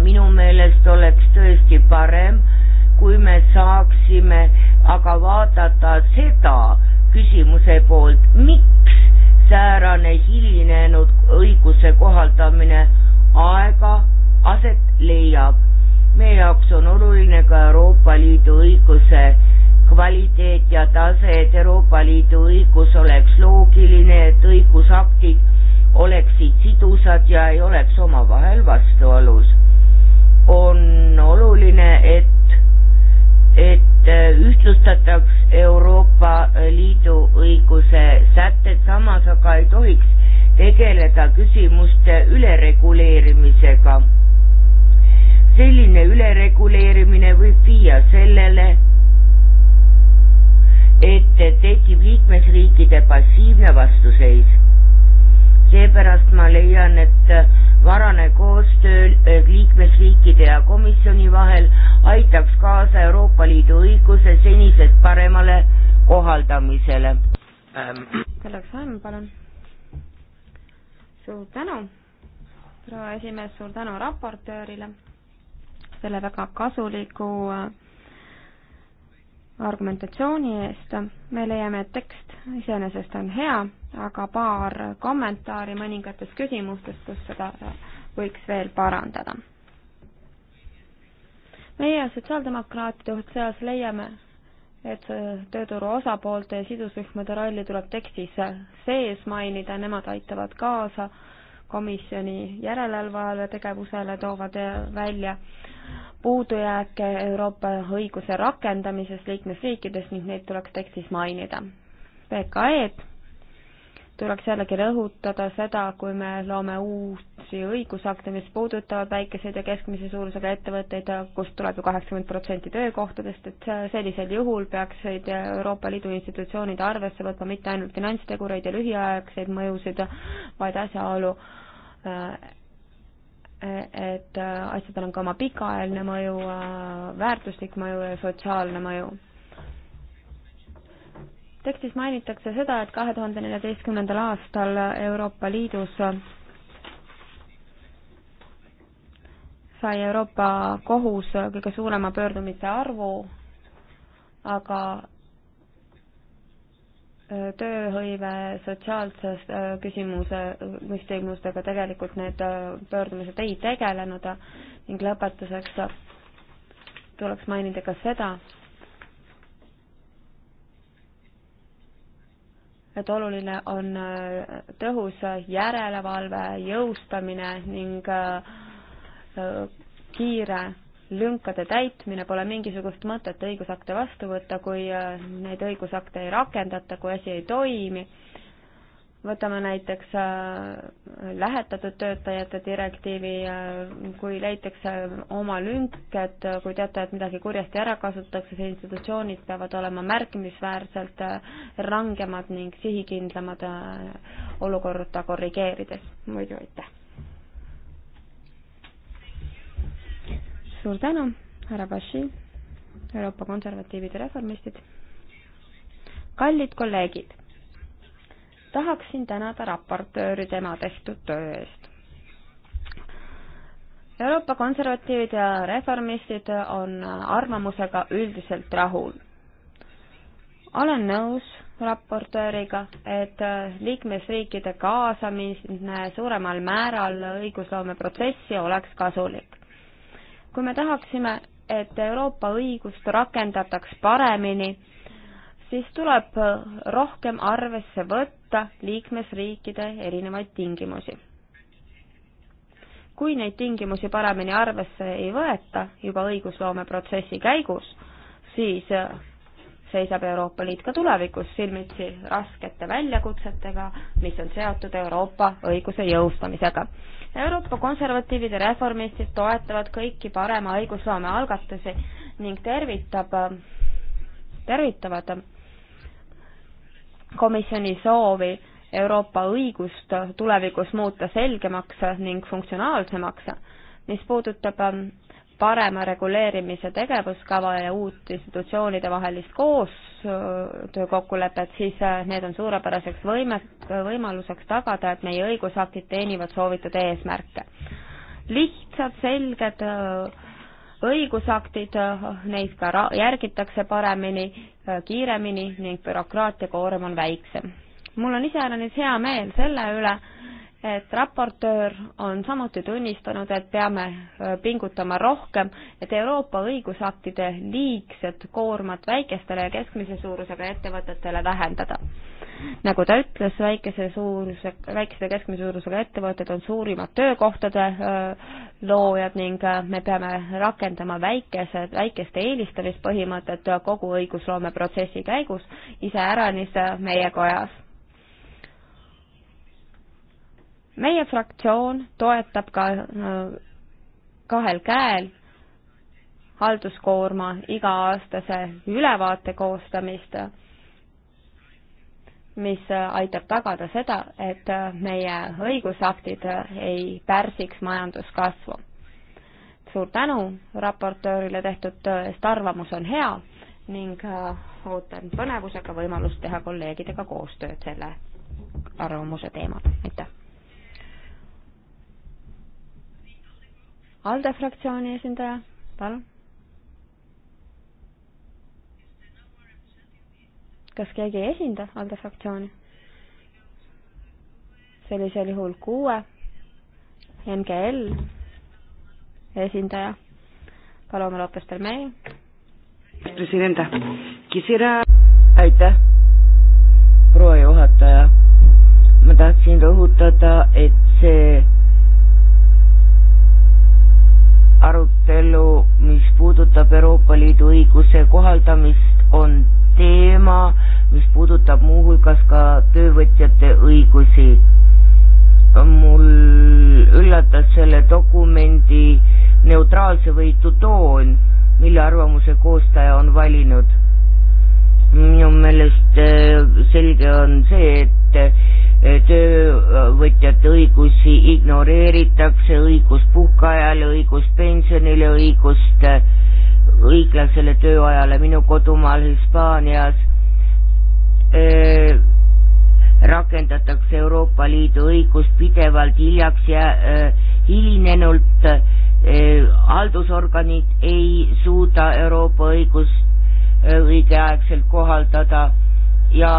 minu meelest oleks tõesti parem äh, kui me saaksime aga vaadata seda küsimuse poolt, miks säärane hilinenud õiguse kohaldamine aega aset leiab. meie jaoks on oluline ka Euroopa Liidu õiguse kvaliteet ja tase, et Euroopa Liidu õigus oleks loogiline, et õigusaktid oleksid sidusad ja ei oleks omavahel vastuolus. on oluline, et et äh, ühtlustataks Euroopa äh, Liidu õiguse sätted, samas aga ei tohiks tegeleda küsimuste ülereguleerimisega. selline ülereguleerimine võib viia sellele, et äh, tekib liikmesriikide passiivne vastuseis seepärast ma leian, et äh, varane koostöö äh, liikmesriikide ja komisjoni vahel aitaks kaasa Euroopa Liidu õiguse senisest paremale kohaldamisele ähm.. selleks on, palun. suur tänu, proua esimees, suur tänu raportöörile selle väga kasuliku äh, argumentatsiooni eest. me leiame, et tekst iseenesest on hea aga paar kommentaari mõningates küsimustes, kus seda võiks veel parandada. meie sotsiaaldemokraatide seas leiame, et tööturu osapoolte ja sidusrühmade rolli tuleb tekstis sees mainida, nemad aitavad kaasa komisjoni järelevalve tegevusele, toovad välja puudujääke Euroopa õiguse rakendamises liikmesriikides ning neid tuleks tekstis mainida. VKE-d tuleks jällegi rõhutada seda, kui me loome uusi õigusakte, mis puudutavad väikeseid ja keskmise suurusega ettevõtteid, kust tuleb ju kaheksakümmend protsenti töökohtadest, et sellisel juhul peaksid Euroopa Liidu institutsioonid arvesse võtma mitte ainult finantstegureid ja lühiaegseid mõjusid, vaid asjaolu, et asjadel on ka oma pikaajaline mõju, väärtuslik mõju ja sotsiaalne mõju tekstis mainitakse seda, et kahe tuhande neljateistkümnendal aastal Euroopa Liidus sai Euroopa Kohus kõige suurema pöördumiste arvu, aga tööhõive, sotsiaalse küsimuse, küsimustega tegelikult need pöördumised ei tegelenud ning lõpetuseks tuleks mainida ka seda, et oluline on äh, tõhus järelevalve, jõustamine ning äh, äh, kiire lünkade täitmine, pole mingisugust mõtet õigusakte vastu võtta, kui neid õigusakte ei rakendata, kui asi ei toimi võtame näiteks äh, lähetatud töötajate direktiivi, äh, kui leitakse äh, oma lünk, et kui teate, et midagi kurjasti ära kasutatakse, siis institutsioonid peavad olema märkimisväärselt rangemad ning sihikindlamad olukorda korrigeerides. muidu aitäh! suur tänu, härra Bashi, Euroopa konservatiivid ja reformistid! kallid kolleegid tahaksin tänada raportööri tema tehtud töö eest. Euroopa konservatiivid ja reformistid on arvamusega üldiselt rahul. olen nõus raportööriga, et liikmesriikide kaasamine suuremal määral õigusloomeprotsessi oleks kasulik. kui me tahaksime, et Euroopa õigust rakendataks paremini, siis tuleb rohkem arvesse võtta liikmesriikide erinevaid tingimusi. kui neid tingimusi paremini arvesse ei võeta juba õigusloome protsessi käigus, siis seisab Euroopa Liit ka tulevikus silmitsi raskete väljakutsetega, mis on seotud Euroopa õiguse jõustamisega. Euroopa konservatiivid ja reformistid toetavad kõiki parema õigusloome algatusi ning tervitab, tervitavad komisjoni soovi Euroopa õigust tulevikus muuta selgemaks ning funktsionaalsemaks, mis puudutab ähm, parema reguleerimise tegevuskava ja uut institutsioonide vahelist koostöökokkulepet, siis äh, need on suurepäraseks võime, võimaluseks tagada, et meie õigusaktid teenivad soovitud eesmärke. lihtsad, selged äh, õigusaktid, neid ka järgitakse paremini, kiiremini ning bürokraatia koorem on väiksem. mul on iseäranis hea meel selle üle, et raportöör on samuti tunnistanud, et peame äh, pingutama rohkem, et Euroopa õigusaktide liigset koormat väikestele ja keskmise suurusega ettevõtetele vähendada. nagu ta ütles, väikese suuruse, väikese ja keskmise suurusega ettevõtted on suurimad töökohtade äh, loojad ning äh, me peame rakendama väikesed, väikeste eelistamispõhimõtet kogu õigusloome protsessi käigus, iseäranis meie kojas meie fraktsioon toetab ka äh, kahel käel halduskoorma iga-aastase ülevaate koostamist, mis aitab tagada seda, et meie õigusaktid ei pärsiks majanduskasvu. suur tänu raportöörile tehtud töö eest, arvamus on hea ning äh, ootan põnevusega võimalust teha kolleegidega koostööd selle arvamuse teemal, aitäh! ALDE fraktsiooni esindaja, palun. kas keegi ei esinda ALDE fraktsiooni? sellisel juhul kuue, MGL esindaja, Paloma Lopez-Permee. presidenta, quisiera. aitäh, proua juhataja. ma tahtsin rõhutada, et see arutelu, mis puudutab Euroopa Liidu õiguse kohaldamist, on teema, mis puudutab muuhulgas ka töövõtjate õigusi. mul üllatas selle dokumendi neutraalse võitu toon, mille arvamuse koostaja on valinud minu meelest äh, selge on see, et äh, töövõtjate õigusi ignoreeritakse, õigus puhkeajale, õigus pensionile, õigust äh, õiglasele tööajale minu kodumaal Hispaanias rakendatakse Euroopa Liidu õigust pidevalt hiljaks ja hilinenult haldusorganid ei suuda Euroopa õigust Äh, õigeaegselt kohaldada ja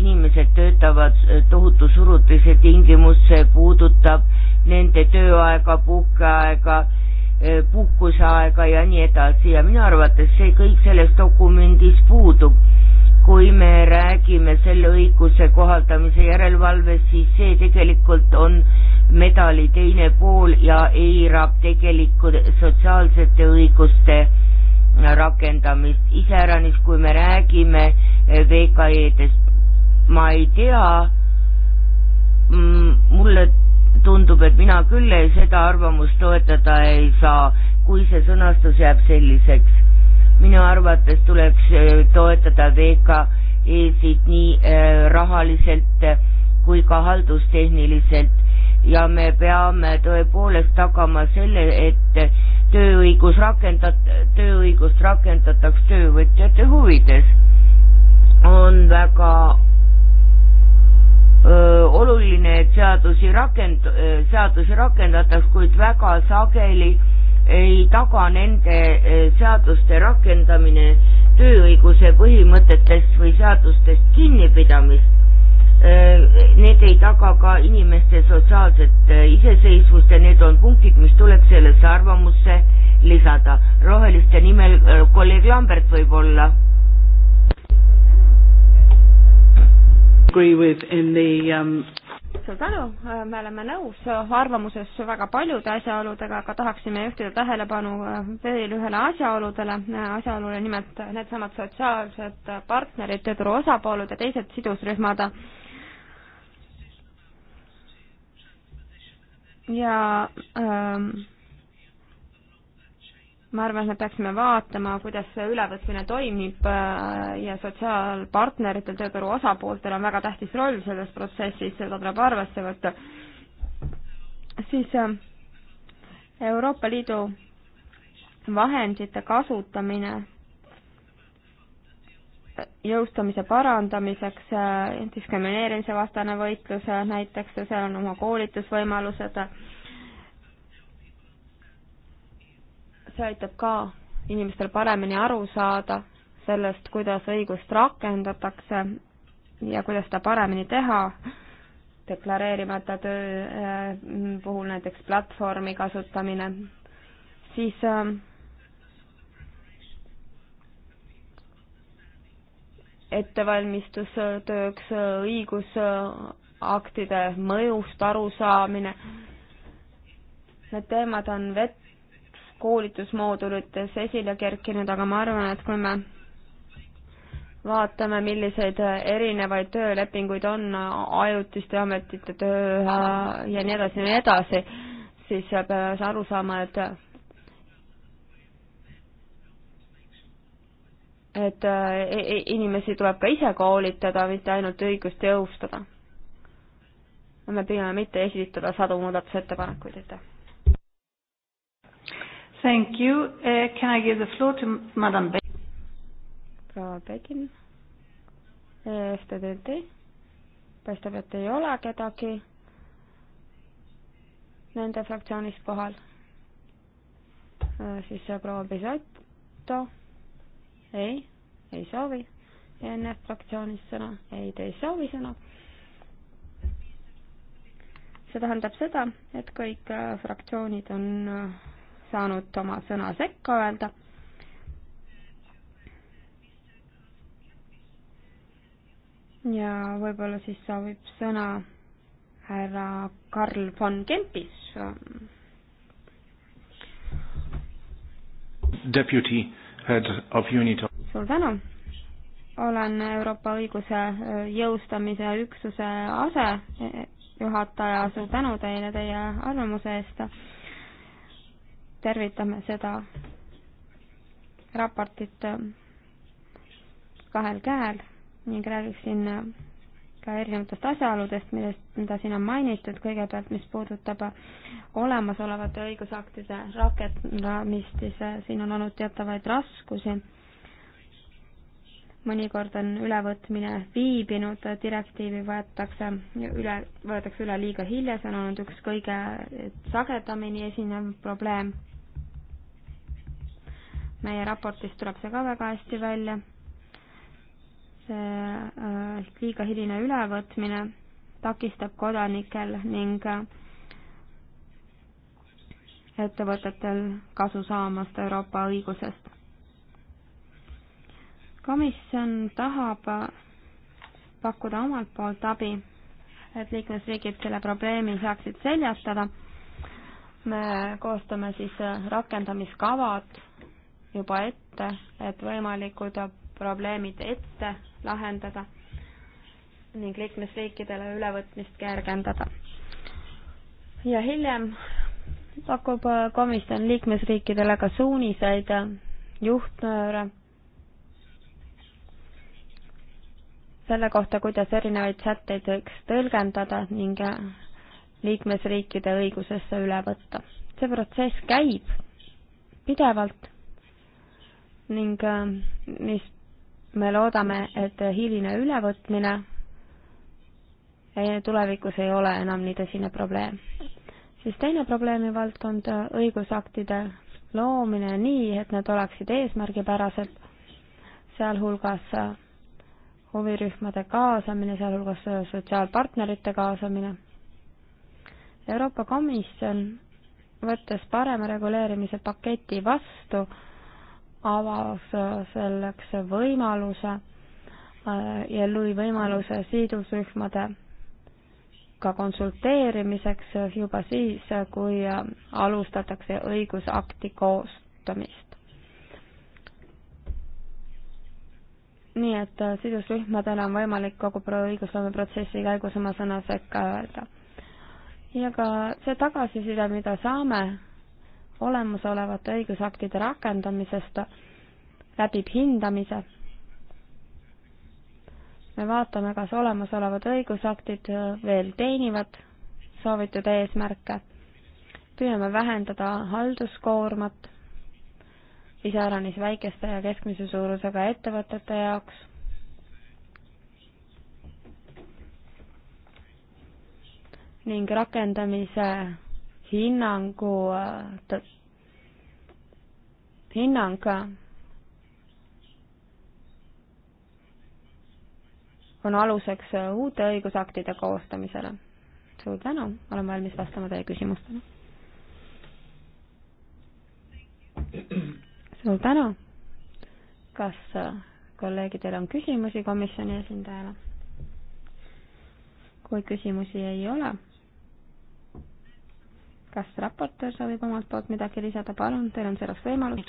inimesed töötavad äh, tohutu surutise tingimus, see puudutab nende tööaega, puhkeaega, äh, puhkuseaega ja nii edasi ja minu arvates see kõik selles dokumendis puudub. kui me räägime selle õiguse kohaldamise järelevalvest, siis see tegelikult on medali teine pool ja eirab tegelikult sotsiaalsete õiguste rakendamist, iseäranis kui me räägime eh, VKE-dest. ma ei tea, mm, mulle tundub, et mina küll ei, seda arvamust toetada ei saa, kui see sõnastus jääb selliseks. minu arvates tuleks eh, toetada VKE-sid nii eh, rahaliselt kui ka haldustehniliselt ja me peame tõepoolest tagama selle, et tööõigus rakendat-, tööõigust rakendataks töövõtjate huvides, on väga öö, oluline, et seadusi rakend-, seadusi rakendataks, kuid väga sageli ei taga nende seaduste rakendamine tööõiguse põhimõtetest või seadustest kinnipidamist Äh, need ei taga ka inimeste sotsiaalset äh, iseseisvust ja need on punktid, mis tuleks sellesse arvamusse lisada. roheliste nimel äh, kolleeg Lambert võib-olla. Um, suur tänu, me oleme nõus arvamuses väga paljude asjaoludega, aga tahaksime juhtida tähelepanu veel ühele asjaoludele, asjaolule nimelt needsamad sotsiaalsed partnerid, tööturu osapoolud ja teised sidusrühmad ja ähm, ma arvan, et me peaksime vaatama, kuidas see ülevõtmine toimib äh, ja sotsiaalpartneritel, tööturu osapooltel on väga tähtis roll selles protsessis, seda tuleb arvesse võtta. siis äh, Euroopa Liidu vahendite kasutamine jõustamise parandamiseks, äh, diskrimineerimise vastane võitlus äh, näiteks ja seal on oma koolitusvõimalused. see aitab ka inimestel paremini aru saada sellest, kuidas õigust rakendatakse ja kuidas seda paremini teha, deklareerimata töö äh, puhul näiteks platvormi kasutamine, siis äh, ettevalmistustööks, õigusaktide mõjust arusaamine. Need teemad on vett koolitusmoodulites esile kerkinud, aga ma arvan, et kui me vaatame, milliseid erinevaid töölepinguid on, ajutiste ametite töö ja nii edasi ja nii edasi, siis peab aru saama, et et äh, e-, e-, inimesi tuleb ka ise koolitada, mitte ainult õigust jõustada. me püüame mitte esitada sadu muudatusettepanekuid, aitäh. Thank you uh,. Can I give the floor to madam Be-? proua Begin, EFTTT, eh, paistab, et ei ole kedagi nende fraktsioonist kohal. Eh, siis proua Pisato ei, ei soovi ENF fraktsioonist sõna, ei, te ei soovi sõna. see tähendab seda, et kõik äh, fraktsioonid on äh, saanud oma sõna sekka öelda. ja võib-olla siis soovib sõna härra Karl von Kempis. Deputy Head of Unit. suur tänu! olen Euroopa õiguse äh, jõustamise üksuse asejuhataja, e, e, suur tänu teile teie arvamuse eest. tervitame seda raportit äh, kahel käel ning räägiksin äh, ka erinevatest asjaoludest, millest, mida siin on mainitud, kõigepealt mis puudutab olemasolevate õigusaktide rakendamist, siis äh, siin on olnud teatavaid raskusi. mõnikord on ülevõtmine viibinud, direktiivi võetakse üle, võetakse üle liiga hilja, see on olnud üks kõige sagedamini esinev probleem. meie raportis tuleb see ka väga hästi välja ehk äh, liiga hiline ülevõtmine takistab kodanikel ning äh, ettevõtetel kasu saamast Euroopa õigusest. komisjon tahab pakkuda omalt poolt abi, et liikmesriigid selle probleemi saaksid seljatada. me koostame siis rakendamiskavad juba ette, et võimalikud probleemid ette lahendada ning liikmesriikidele ülevõtmist kergendada. ja hiljem pakub äh, komisjon liikmesriikidele ka suuniseid, äh, juhtnööre selle kohta, kuidas erinevaid sätteid võiks tõlgendada ning äh, liikmesriikide õigusesse üle võtta. see protsess käib pidevalt ning mis me loodame, et hiline ülevõtmine eh, tulevikus ei ole enam nii tõsine probleem. siis teine probleemivaldkond, õigusaktide loomine nii, et need oleksid eesmärgipärased, sealhulgas eh, huvirühmade kaasamine, sealhulgas eh, sotsiaalpartnerite kaasamine. Euroopa Komisjon, võttes parema reguleerimise paketi vastu, avas äh, selleks võimaluse äh, ja lõi võimaluse sidusrühmade ka konsulteerimiseks juba siis, kui äh, alustatakse õigusakti koostamist. nii et sidusrühmadel on võimalik kogu õigusloomeprotsessi käigus oma sõna sekka öelda. ja ka see tagasiside, mida saame olemasolevate õigusaktide rakendamisest läbib hindamise. me vaatame, kas olemasolevad õigusaktid äh, veel teenivad soovitud eesmärke. püüame vähendada halduskoormat iseäranis väikeste ja keskmise suurusega ettevõtete jaoks ning rakendamise hinnangu, äh, hinnang äh, on aluseks äh, uute õigusaktide koostamisele. suur tänu, olen valmis vastama teie küsimustele. suur tänu. kas kolleegidel on küsimusi komisjoni esindajale? kui küsimusi ei ole kas raportöör soovib omalt poolt midagi lisada, palun, teil on selleks võimalus.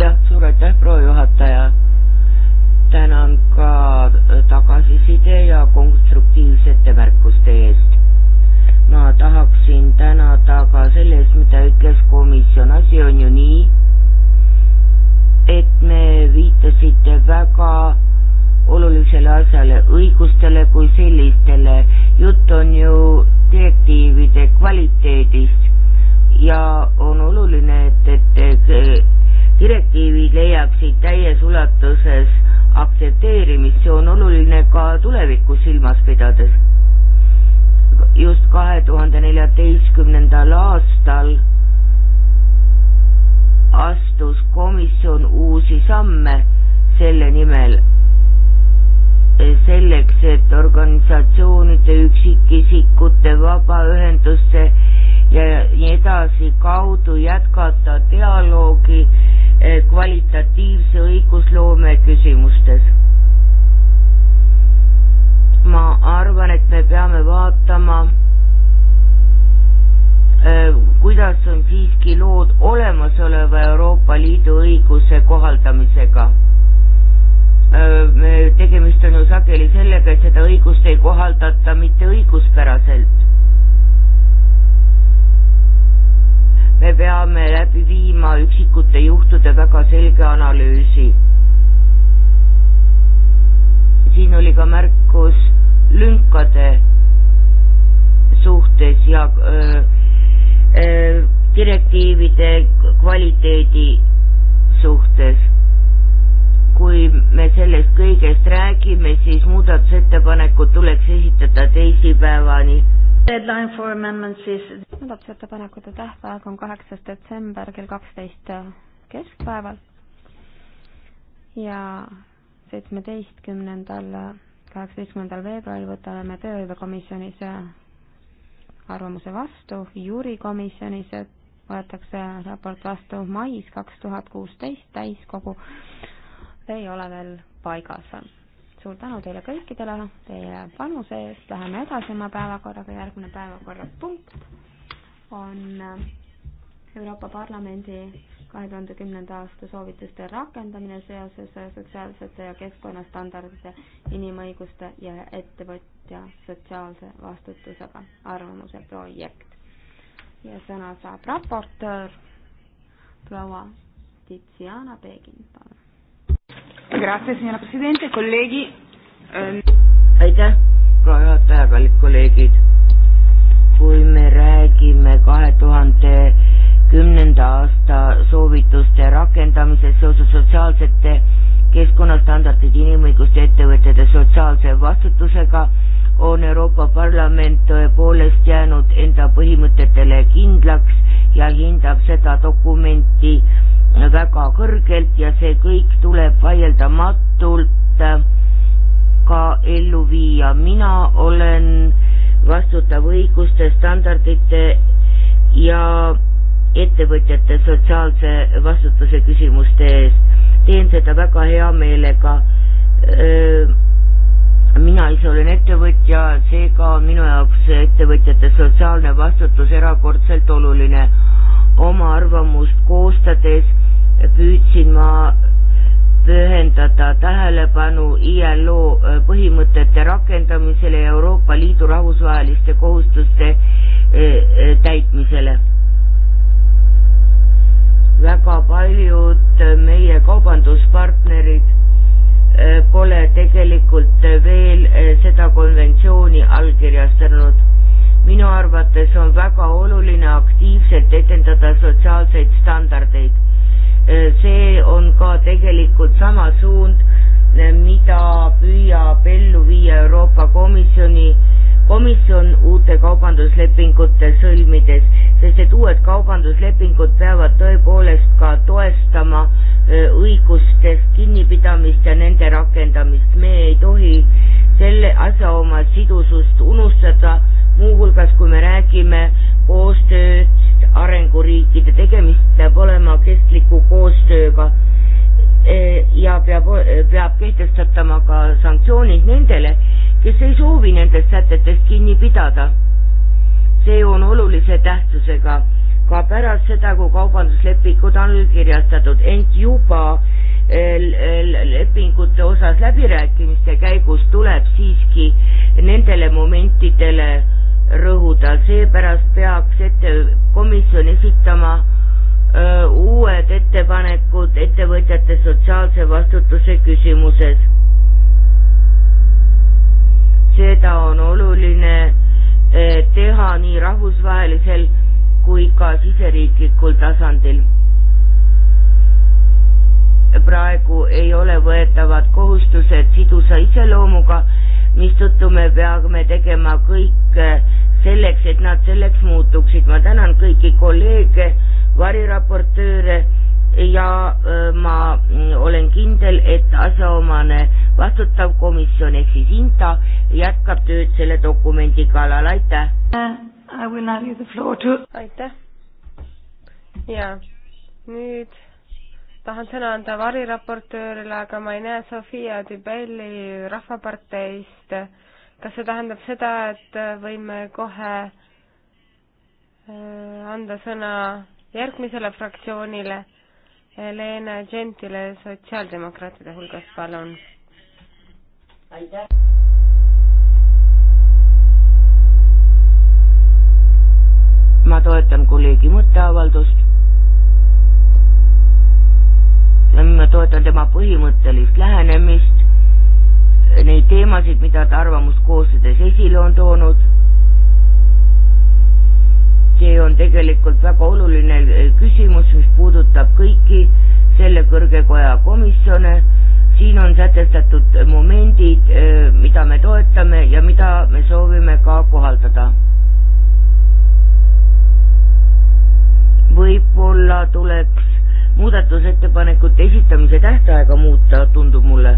jah, suur aitäh, proua juhataja. tänan ka tagasiside ja konstruktiivsete märkuste eest. ma tahaksin tänada ka selle eest, mida ütles komisjon, asi on ju nii, et me viitasite väga olulisele asjale, õigustele kui sellistele. jutt on ju direktiivide kvaliteedist ja on oluline, et, et, et direktiivid leiaksid täies ulatuses aktsepteerimist, see on oluline ka tulevikku silmas pidades. just kahe tuhande neljateistkümnendal aastal astus komisjon uusi samme selle nimel, selleks, et organisatsioonide, üksikisikute, vabaühenduste ja nii edasi kaudu jätkata dialoogi eh, kvalitatiivse õigusloome küsimustes. ma arvan, et me peame vaatama, eh, kuidas on siiski lood olemasoleva Euroopa Liidu õiguse kohaldamisega tegemist on ju sageli sellega, et seda õigust ei kohaldata mitte õiguspäraselt. me peame läbi viima üksikute juhtude väga selge analüüsi. siin oli ka märkus lünkade suhtes ja öö, öö, direktiivide kvaliteedi suhtes kui me sellest kõigest räägime, siis muudatusettepanekud tuleks esitada teisipäevani. Deadline for amendments is muudatusettepanekute tähtaeg on kaheksas detsember kell kaksteist keskpäeval ja seitsmeteistkümnendal, kaheksateistkümnendal veebruaril võtame me tööhõivekomisjonis arvamuse vastu, juurikomisjonis võetakse raport vastu mais kaks tuhat kuusteist täiskogu ei ole veel paigas. suur tänu teile kõikidele teie panuse eest, läheme edasi oma päevakorraga, järgmine päevakorrapunkt on Euroopa Parlamendi kahe tuhande kümnenda aasta soovituste rakendamine seoses sotsiaalsete ja keskkonnastandardite, inimõiguste ja ettevõtja sotsiaalse vastutusega arvamuse projekt. ja sõna saab raportöör proua Tiziana Begin, palun. Grazie, signora Presidente, kolleegi ähm.... aitäh, proua juhataja, kallid kolleegid. kui me räägime kahe tuhande kümnenda aasta soovituste rakendamisest seoses sotsiaalsete keskkonnastandardid inimõiguste ettevõtete sotsiaalse vastutusega, on Euroopa Parlament tõepoolest jäänud enda põhimõtetele kindlaks ja hindab seda dokumenti väga kõrgelt ja see kõik tuleb vaieldamatult äh, ka ellu viia. mina olen vastutav õiguste, standardite ja ettevõtjate sotsiaalse vastutuse küsimuste eest. teen seda väga hea meelega. Äh, mina ise olen ettevõtja, seega on minu jaoks ettevõtjate sotsiaalne vastutus erakordselt oluline. oma arvamust koostades püüdsin ma pühendada tähelepanu ILO e, põhimõtete rakendamisele ja Euroopa Liidu rahvusvaheliste kohustuste e, e, täitmisele. väga paljud meie kaubanduspartnerid pole tegelikult veel seda konventsiooni allkirjastanud. minu arvates on väga oluline aktiivselt edendada sotsiaalseid standardeid Äh, see on ka tegelikult sama suund, äh, mida püüab ellu viia Euroopa Komisjoni, komisjon uute kaubanduslepingute sõlmides, sest et uued kaubanduslepingud peavad tõepoolest ka toestama äh, õigustest kinnipidamist ja nende rakendamist. me ei tohi selle asjaomast sidusust unustada, muuhulgas kui me räägime koostööd arenguriikide, tegemist peab olema kestliku koostööga eh, ja peab, peab kehtestatama ka sanktsioonid nendele, kes ei soovi nendest sätetest kinni pidada. see on olulise tähtsusega ka pärast seda, kui kaubanduslepingud on allkirjastatud, ent juba eh, lepingute osas läbirääkimiste käigus tuleb siiski nendele momentidele rõhuda, seepärast peaks ette, komisjon esitama öö, uued ettepanekud ettevõtjate sotsiaalse vastutuse küsimuses. seda on oluline öö, teha nii rahvusvahelisel kui ka siseriiklikul tasandil. praegu ei ole võetavad kohustused sidusa iseloomuga mistõttu me peame tegema kõik äh, selleks, et nad selleks muutuksid. ma tänan kõiki kolleege, variraportööre ja äh, ma mm, olen kindel, et asjaomane vastutav komisjon ehk siis INTA jätkab tööd selle dokumendi kallal, aitäh! Uh, aitäh! ja nüüd tahan sõna anda variraportöörile, aga ma ei näe Sofia Dibelli Rahvaparteist. kas see tähendab seda, et võime kohe äh, anda sõna järgmisele fraktsioonile? Helena Gentile sotsiaaldemokraatide hulgast, palun. aitäh. ma toetan kolleegi mõtteavaldust ma toetan tema põhimõttelist lähenemist, neid teemasid, mida ta arvamust koostades esile on toonud. see on tegelikult väga oluline küsimus, mis puudutab kõiki selle kõrge koja komisjone. siin on sätestatud momendid, mida me toetame ja mida me soovime ka kohaldada. võib-olla tuleks muudatusettepanekute esitamise tähtaega muuta, tundub mulle.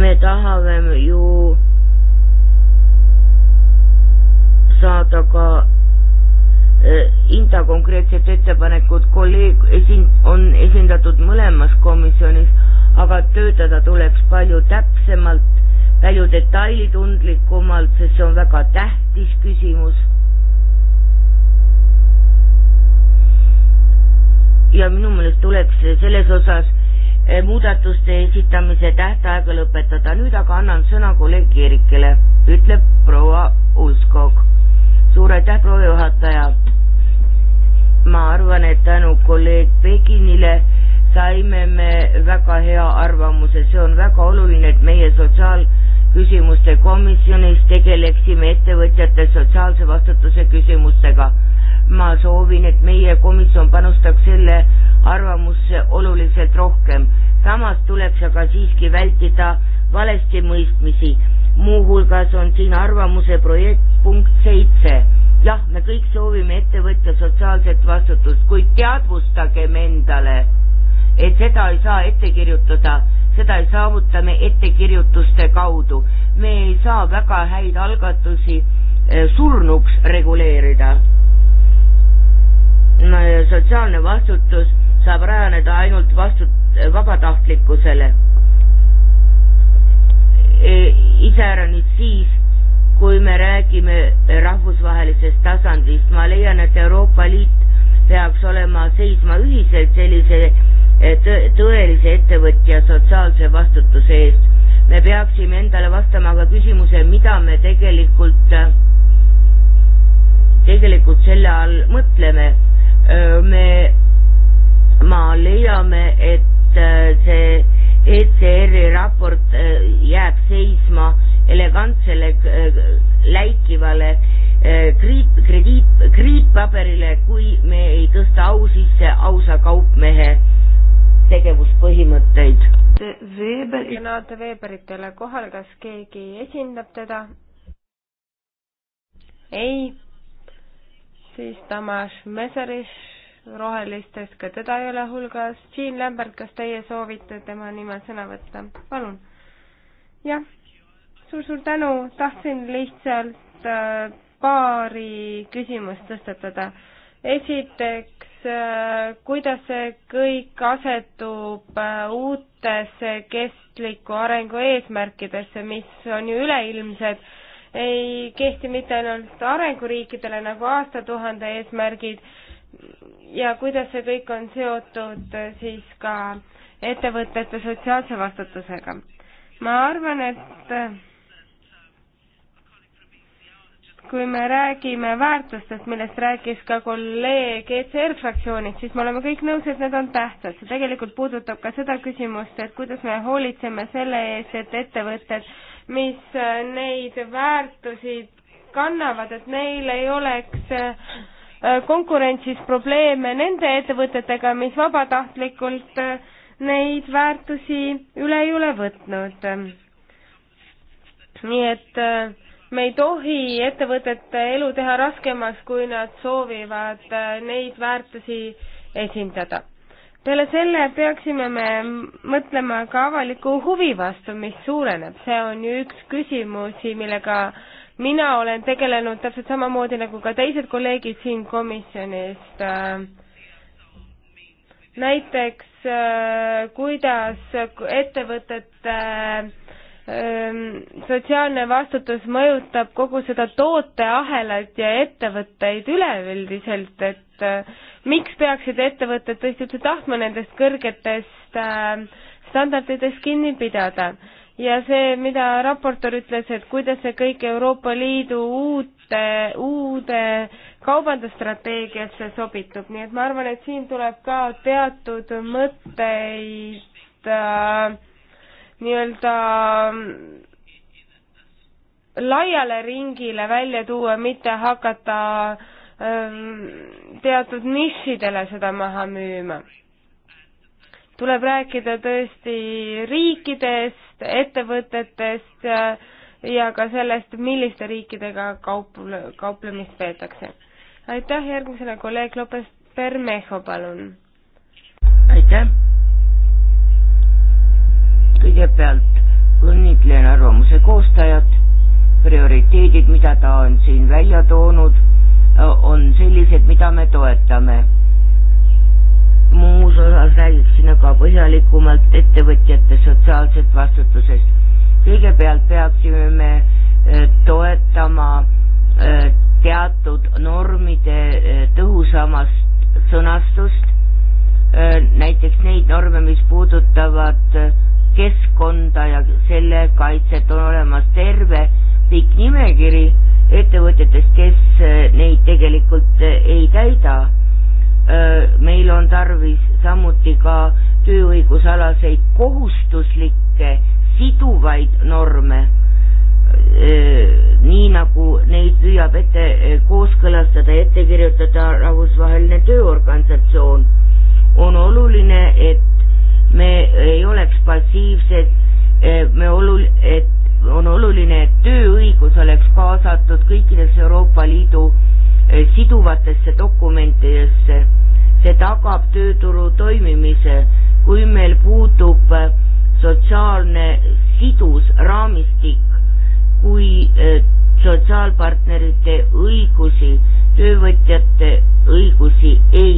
me tahame ju saada ka e, hinda konkreetset ettepanekut, kolleeg esin-, on esindatud mõlemas komisjonis, aga töötada tuleks palju täpsemalt palju detailitundlikumalt, sest see on väga tähtis küsimus. ja minu meelest tuleks selles osas eh, muudatuste esitamise tähtaega lõpetada, nüüd aga annan sõna kolleeg Eerikile, ütleb proua Uskog. suur aitäh, proua juhataja. ma arvan, et tänu kolleeg Pekinile saime me väga hea arvamuse, see on väga oluline, et meie sotsiaal- küsimuste komisjonis tegeleksime ettevõtjate sotsiaalse vastutuse küsimustega. ma soovin, et meie komisjon panustaks selle arvamusse oluliselt rohkem. samas tuleks aga siiski vältida valesti mõistmisi. muuhulgas on siin arvamuse projekt punkt seitse. jah, me kõik soovime ettevõtja sotsiaalset vastutust, kuid teadvustagem endale, et seda ei saa ette kirjutada seda ei saavuta me ettekirjutuste kaudu. me ei saa väga häid algatusi eh, surnuks reguleerida. sotsiaalne vastutus saab rajaneda ainult vastu-, vabatahtlikkusele. E, iseäranis siis, kui me räägime rahvusvahelisest tasandist, ma leian, et Euroopa Liit peaks olema seisma ühiselt sellise Eh, tõelise ettevõtja sotsiaalse vastutuse eest. me peaksime endale vastama ka küsimuse, mida me tegelikult, eh, tegelikult selle all mõtleme. me, ma leiame, et eh, see ECR-i raport jääb seisma elegantsele läikivale kriip, krediit, kriitpaberile, kui me ei tõsta au sisse ausa kaupmehe tegevuspõhimõtteid. Weber. Renate Weberitele kohal, kas keegi esindab teda? ei. siis Tamas Meserich Rohelistest, ka teda ei ole hulgas. Jean Lambert, kas teie soovite tema nimel sõna võtta? palun. jah suur,, suur-suur tänu, tahtsin lihtsalt äh, paari küsimust tõstatada. esiteks, Äh, kuidas see kõik asetub äh, uutesse kestliku arengu eesmärkidesse, mis on ju üleilmsed, ei kehti mitte ainult arenguriikidele nagu aastatuhande eesmärgid ja kuidas see kõik on seotud äh, siis ka ettevõtete sotsiaalse vastutusega. ma arvan, et kui me räägime väärtustest, millest rääkis ka kolleeg ECR fraktsioonist, siis me oleme kõik nõus, et need on tähtsad. see tegelikult puudutab ka seda küsimust, et kuidas me hoolitseme selle eest, et ettevõtted, mis äh, neid väärtusi kannavad, et neil ei oleks äh, konkurentsis probleeme nende ettevõtetega, mis vabatahtlikult äh, neid väärtusi üle ei ole võtnud. nii et äh, me ei tohi ettevõtete elu teha raskemaks, kui nad soovivad äh, neid väärtusi esindada. peale selle peaksime me mõtlema ka avaliku huvi vastu, mis suureneb, see on ju üks küsimusi, millega mina olen tegelenud täpselt samamoodi nagu ka teised kolleegid siin komisjonist. Äh, näiteks äh, kuidas ettevõtete äh, sotsiaalne vastutus mõjutab kogu seda tooteahelat ja ettevõtteid üleüldiselt, et miks peaksid ettevõtted tõesti üldse tahtma nendest kõrgetest standarditest kinni pidada. ja see, mida raportöör ütles, et kuidas see kõik Euroopa Liidu uute, uude kaubandusstrateegiasse sobitub, nii et ma arvan, et siin tuleb ka teatud mõtteid äh, nii-öelda mm, laiale ringile välja tuua, mitte hakata mm, teatud nišidele seda maha müüma. tuleb rääkida tõesti riikidest, ettevõtetest äh, ja ka sellest, milliste riikidega kauple, kauplemist peetakse. aitäh, järgmisele kolleeg Lopez Bermejo, palun. aitäh kõigepealt õnnitlen arvamuse koostajat, prioriteedid, mida ta on siin välja toonud, on sellised, mida me toetame. muus osas räägiksin aga põhjalikumalt ettevõtjate sotsiaalsest vastutusest. kõigepealt peaksime me toetama teatud normide tõhusamast sõnastust, näiteks neid norme, mis puudutavad keskkonda ja selle kaitset, on olemas terve pikk nimekiri ettevõtjatest, kes eh, neid tegelikult eh, ei täida. meil on tarvis samuti ka tööõigusalaseid kohustuslikke siduvaid norme, nii nagu neid püüab ette eh, kooskõlastada, ette kirjutada rahvusvaheline tööorganisatsioon. on oluline, et me ei oleks passiivsed, eh, me olul-, et on oluline, et tööõigus oleks kaasatud kõikidesse Euroopa Liidu eh, siduvatesse dokumentidesse. see tagab tööturu toimimise, kui meil puudub eh, sotsiaalne sidus raamistik, kui sotsiaalpartnerite õigusi, töövõtjate õigusi ei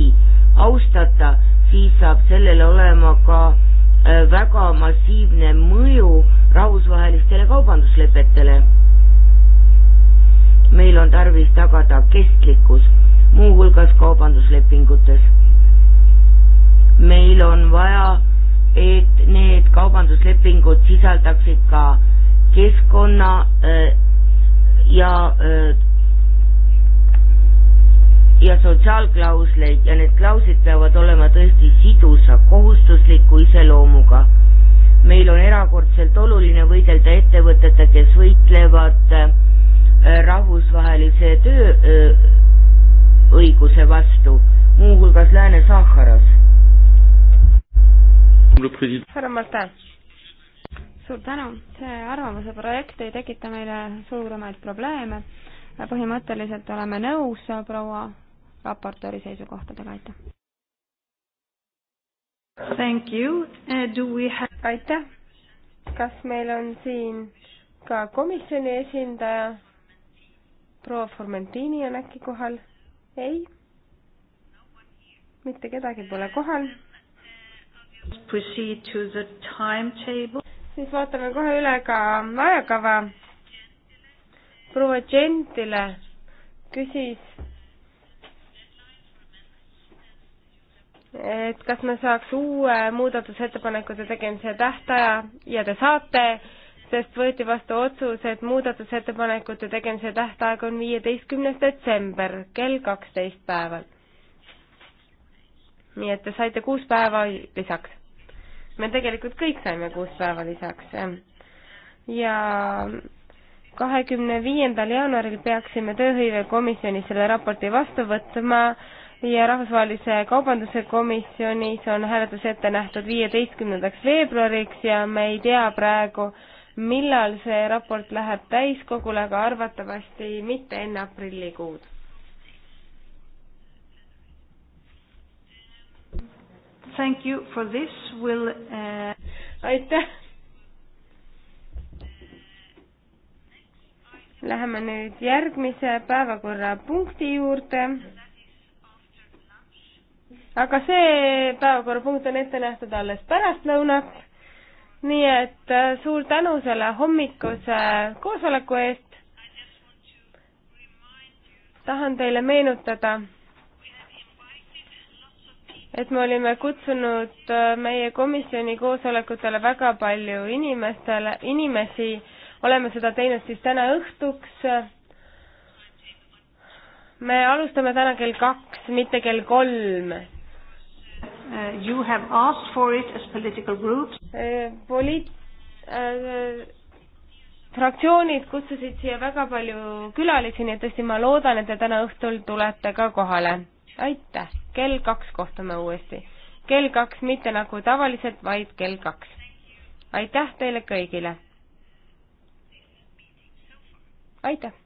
austata, siis saab sellel olema ka äh, väga massiivne mõju rahvusvahelistele kaubanduslepetele. meil on tarvis tagada kestlikkus, muuhulgas kaubanduslepingutes. meil on vaja, et need kaubanduslepingud sisaldaksid ka keskkonna äh, ja äh, ja sotsiaalklausleid ja need klauslid peavad olema tõesti sidusa kohustusliku iseloomuga. meil on erakordselt oluline võidelda ettevõtete, kes võitlevad äh, rahvusvahelise tööõiguse äh, vastu, muuhulgas Lääne-Saharas. härra Marta suur tänu, see arvamuse projekt ei tekita meile suuremaid probleeme, põhimõtteliselt oleme nõus proua raportööri seisukohtadega, aitäh. Thank you uh,, do we have? aitäh. kas meil on siin ka komisjoni esindaja? proua Formentini on äkki kohal? ei? mitte kedagi pole kohal. Proceed to the timetable. siis vaatame kohe üle ka ajakava. proua Gentile küsis et kas me saaks uue muudatusettepanekute tegemise tähtaja ja te saate, sest võeti vastu otsus, et muudatusettepanekute tegemise tähtaeg on viieteistkümnes detsember kell kaksteist päeval. nii et te saite kuus päeva lisaks. me tegelikult kõik saime kuus päeva lisaks. ja kahekümne viiendal jaanuaril peaksime tööhõivekomisjonis selle raporti vastu võtma ja Rahvusvahelise Kaubanduse Komisjonis on hääletus ette nähtud viieteistkümnendaks veebruariks ja me ei tea praegu, millal see raport läheb täiskogule, aga arvatavasti mitte enne aprillikuud. Thank you for this, will uh... aitäh! Läheme nüüd järgmise päevakorrapunkti juurde aga see päevakorrapunkt on ette nähtud alles pärastlõunat. nii et äh, suur tänu selle hommikuse koosoleku eest. tahan teile meenutada, et me olime kutsunud äh, meie komisjoni koosolekutele väga palju inimestele, inimesi, oleme seda teinud siis täna õhtuks me alustame täna kell kaks, mitte kell kolm, Uh, you have asked for it as political groups. Uh, Poliit- äh,, fraktsioonid kutsusid siia väga palju külalisi, nii et tõesti ma loodan, et te täna õhtul tulete ka kohale. aitäh, kell kaks kohtume uuesti. kell kaks, mitte nagu tavaliselt, vaid kell kaks. aitäh teile kõigile. aitäh.